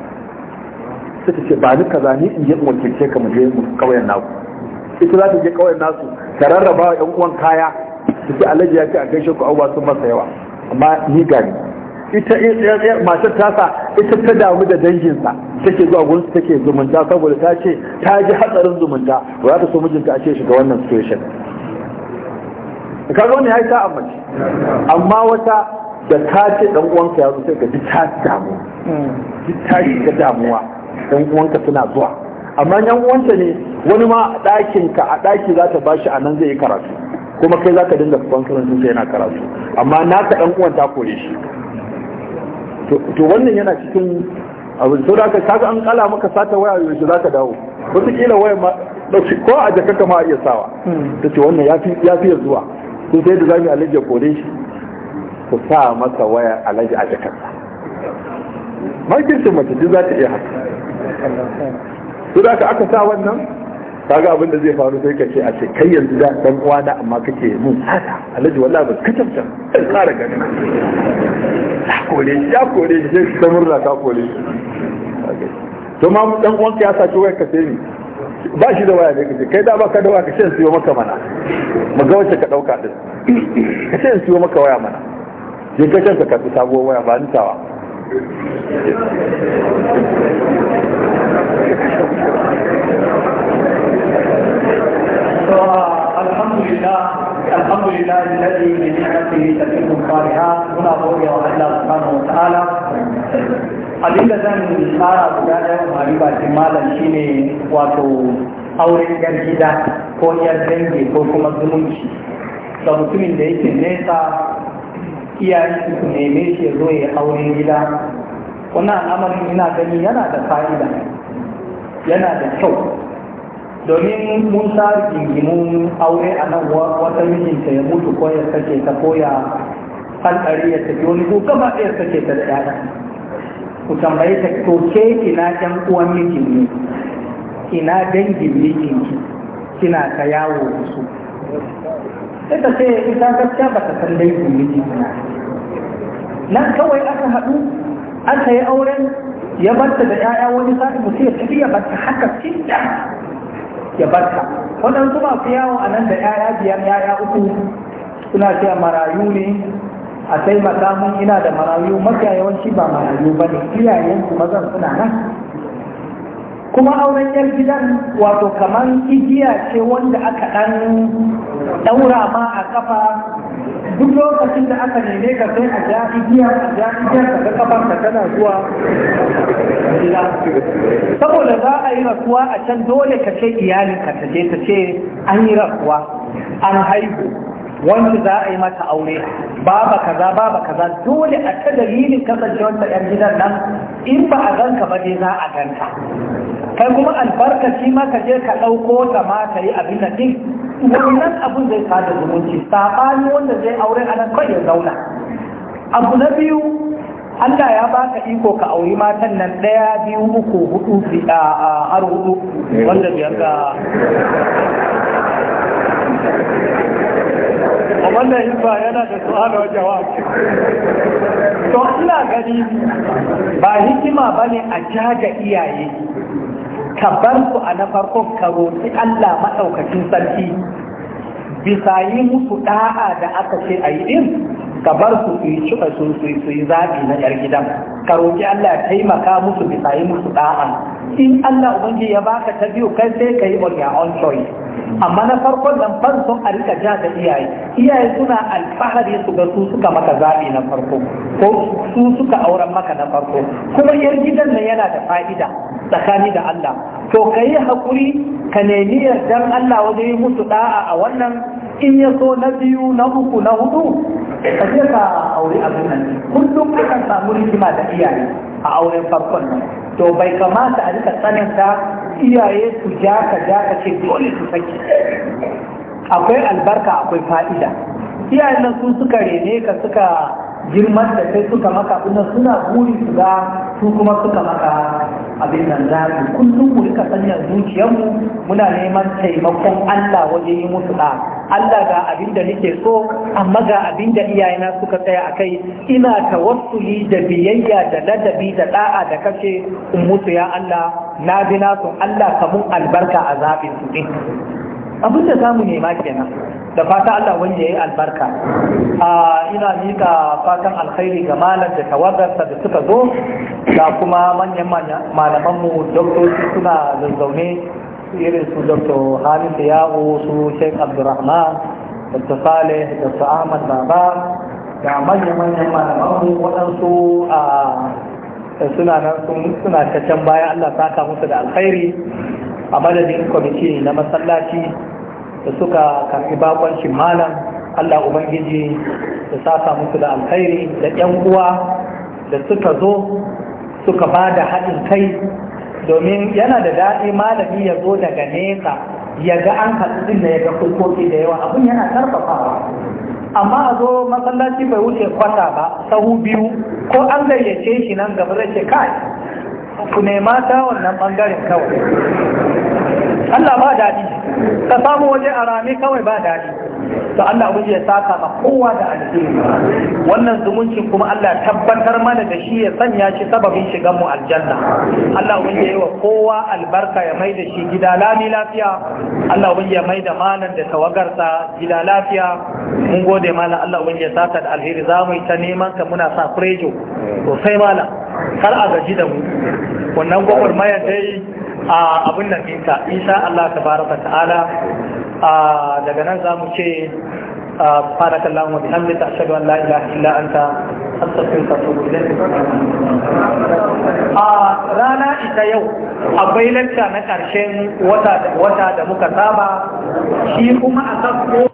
sai ta ce ba ni kaza ni in je in wakilce ka mu je mu kauyen naku ita za ta je kauyen nasu ta rarraba wa yan uwan kaya ta ce alhaji ya ce a gaishe ku abubuwa sun masa yawa amma ni gani ita eh, eh, eh, matar tasa ita ta damu da danginsa take zuwa ta take zumunta saboda ta ce ta ji hatsarin zumunta ba za ta so mijinta a ce shiga wannan situation kaga wannan yayi sa'a mace amma wata da ta ce dan uwanka ya zo sai ka ji ta damu ji ta ga damuwa dan uwanka suna zuwa amma yan uwanta ne wani ma a ɗakin ka a ɗaki za ta bashi a nan zai yi karatu kuma kai za ka dinga kwankarin sun yana karatu amma ka dan uwan ta kore shi to wannan yana cikin abu to da ka kaga an kala maka sata waya yanzu za ka dawo kila waya ma ko a ma a iya sawa hmm. ta ce wannan ya fi zuwa ko sai da zami alhaji kore shi ku sa masa waya alhaji a jakarta makircin mace duk za ta iya haka su da aka sa wannan kaga abin da zai faru sai kace a ce kai yanzu da dan uwa da amma kake mun sada alhaji wallahi ba ka tabta sai kare gani ya kore shi ya kore shi sai ka murna ka kore to ma dan uwan ka ya sace waya ka sai ni ba shi da waya ne kace kai da baka da waya ka shan siyo maka mana mu ga wacce ka dauka din ka shan siyo maka waya mana je ka shan ka ka sabo waya ba ni الحمد لله الذي بنعمته تتم الصالحات هنا رؤيا الله سبحانه وتعالى abin da zan tsara guda ɗaya mari bakin malam ne wato auren 'yan gida ko 'yan dangi ko kuma zumunci da mutumin da yake nesa iyayen su neme shi ya zo ya auren gida wannan al'amarin ina gani yana da fa'ida yana da kyau domin mun sa gingimun aure a nan wata mijinta ya mutu ko ya sake ta ko ya hankali ya tafi wani ko gaba ɗaya sake ta da 'ya'ya ku tambaye ta ke ina ɗan uwan mijin ne ina dangin mijin ki kina ta yawo da su sai ta ce ita gaskiya ba ta san laifin mijin na nan kawai aka haɗu aka yi auren ya barta da 'ya'ya wani sa'i mutum ya tafi ya barta haka cinta ya barta kuma ku yawo a nan da 'ya'ya biyar 'ya'ya uku suna cewa marayu ne a taimaka mun ina da marayu mafiya yawanci ba marayu ba ne su mazan suna nan kuma auren yar gidan wato kamar igiya ce wanda aka ɗan daura ma a kafa duk lokacin da aka neme ka sai a ja igiya a ja igiya ka ga kafar ka tana zuwa saboda za a yi rasuwa a can dole ka ce iyalin ka ta je ta ce an yi rasuwa an haihu wanda za a yi mata aure baba kaza baba kaza dole a ta dalilin kasancewar ta yan gidan nan in ba a ganka ba dai za a ganka kai kuma albarkaci ma ka je ka ɗauko ta ma ka yi abin da din wannan abun zai kada zumunci sabani wanda zai aure a nan kai ya zauna abu na biyu Allah ya baka iko ka auri matan nan ɗaya biyu uku hudu har hudu wanda biyar ga a wannan ba yana da su'ala jawab to ina gani ba hikima ba ne a jaga iyaye ka bar su a na farkon ka roƙi Allah maɗaukacin sarki bisa yi musu ɗa'a da aka ce a yi ɗin ka bar su su yi cika sun su yi zaɓi na 'yar gidan ka roƙi Allah ya taimaka musu bisa yi musu ɗa'a. in Allah ubangi ya baka ta biyu kai sai ka yi on your own choice amma na farkon nan farkon a rika ja da iyaye iyaye suna alfahari su ga su suka maka zaɓi na farko ko su suka auren maka na farko kuma yar gidan nan yana da fa'ida tsakani da Allah to ka yi haƙuri ka nemi yardar Allah wajen yi musu da'a a wannan in ya so na biyu na uku na hudu ka je ka aure abin nan kullum kan samu rigima da iyaye a auren farkon nan to bai kamata a rika tsananta iyaye su ja ka ja ka ce dole su saki akwai albarka akwai fa'ida iyayen nan sun suka rene ka suka girman da kai suka maka kuma suna buri su ga su kuma suka maka abin nan zaɓi kullum mu rika sanya zuciyarmu muna neman taimakon Allah waje yi musu da Allah ga abin da nake so amma ga abin da iyayena suka tsaya a kai ina tawassuli da biyayya da ladabi da da'a da kace in mutu ya Allah na bi nasu Allah ka kamun albarka a zafin su abin da zamu nema kenan da fata Allah wanda yi albarka a ina mika fatan alkhairi ga malam da tawagarsa da suka zo da kuma manyan malamanmu mu doktoci suna zazzaune irin su dr hamid yawo su sheikh abdurrahman dr saleh dr ahmad baba da manyan manyan malamanmu waɗansu a suna nan suna ta can bayan Allah saka musu da alkhairi a madadin kwamiti na masallaci da suka karbi bakoncin malam Allah Ubangiji da sasa musu da alkhairi da ‘yan uwa da suka zo suka ba da haɗin kai domin yana da daɗi malami ya zo daga nesa ya ga an din da ya ga kulkoki da yawa abin yana karfafawa amma a zo masallaci bai wuce kwata ba sahu biyu ko an gayyace shi nan gaba zai ce kai ku nema ta wannan bangaren kawai Allah ba daɗi ka samu waje a rame kawai ba daɗi to Allah abu ya saka ma kowa da alheri wannan zumuncin kuma Allah tabbatar mana da shi ya sanya shi sababin shigan mu aljanna Allah abu ya yi wa kowa albarka ya mai da shi gida lami lafiya Allah abu ya mai da malam da tawagarsa gida lafiya mun gode malam Allah abu ya saka da alheri za mu yi ta neman ka muna sa frejo to sai malam kar a gaji da mu wannan gwagwarmaya dai a abin da isa Allah tabaraka fara ta'ala daga nan za mu ce fara kallon wani hannun ta shagwa la'ila illa an ta hasafin ta a rana ita yau abai lanta na ƙarshen wata da muka saba shi kuma a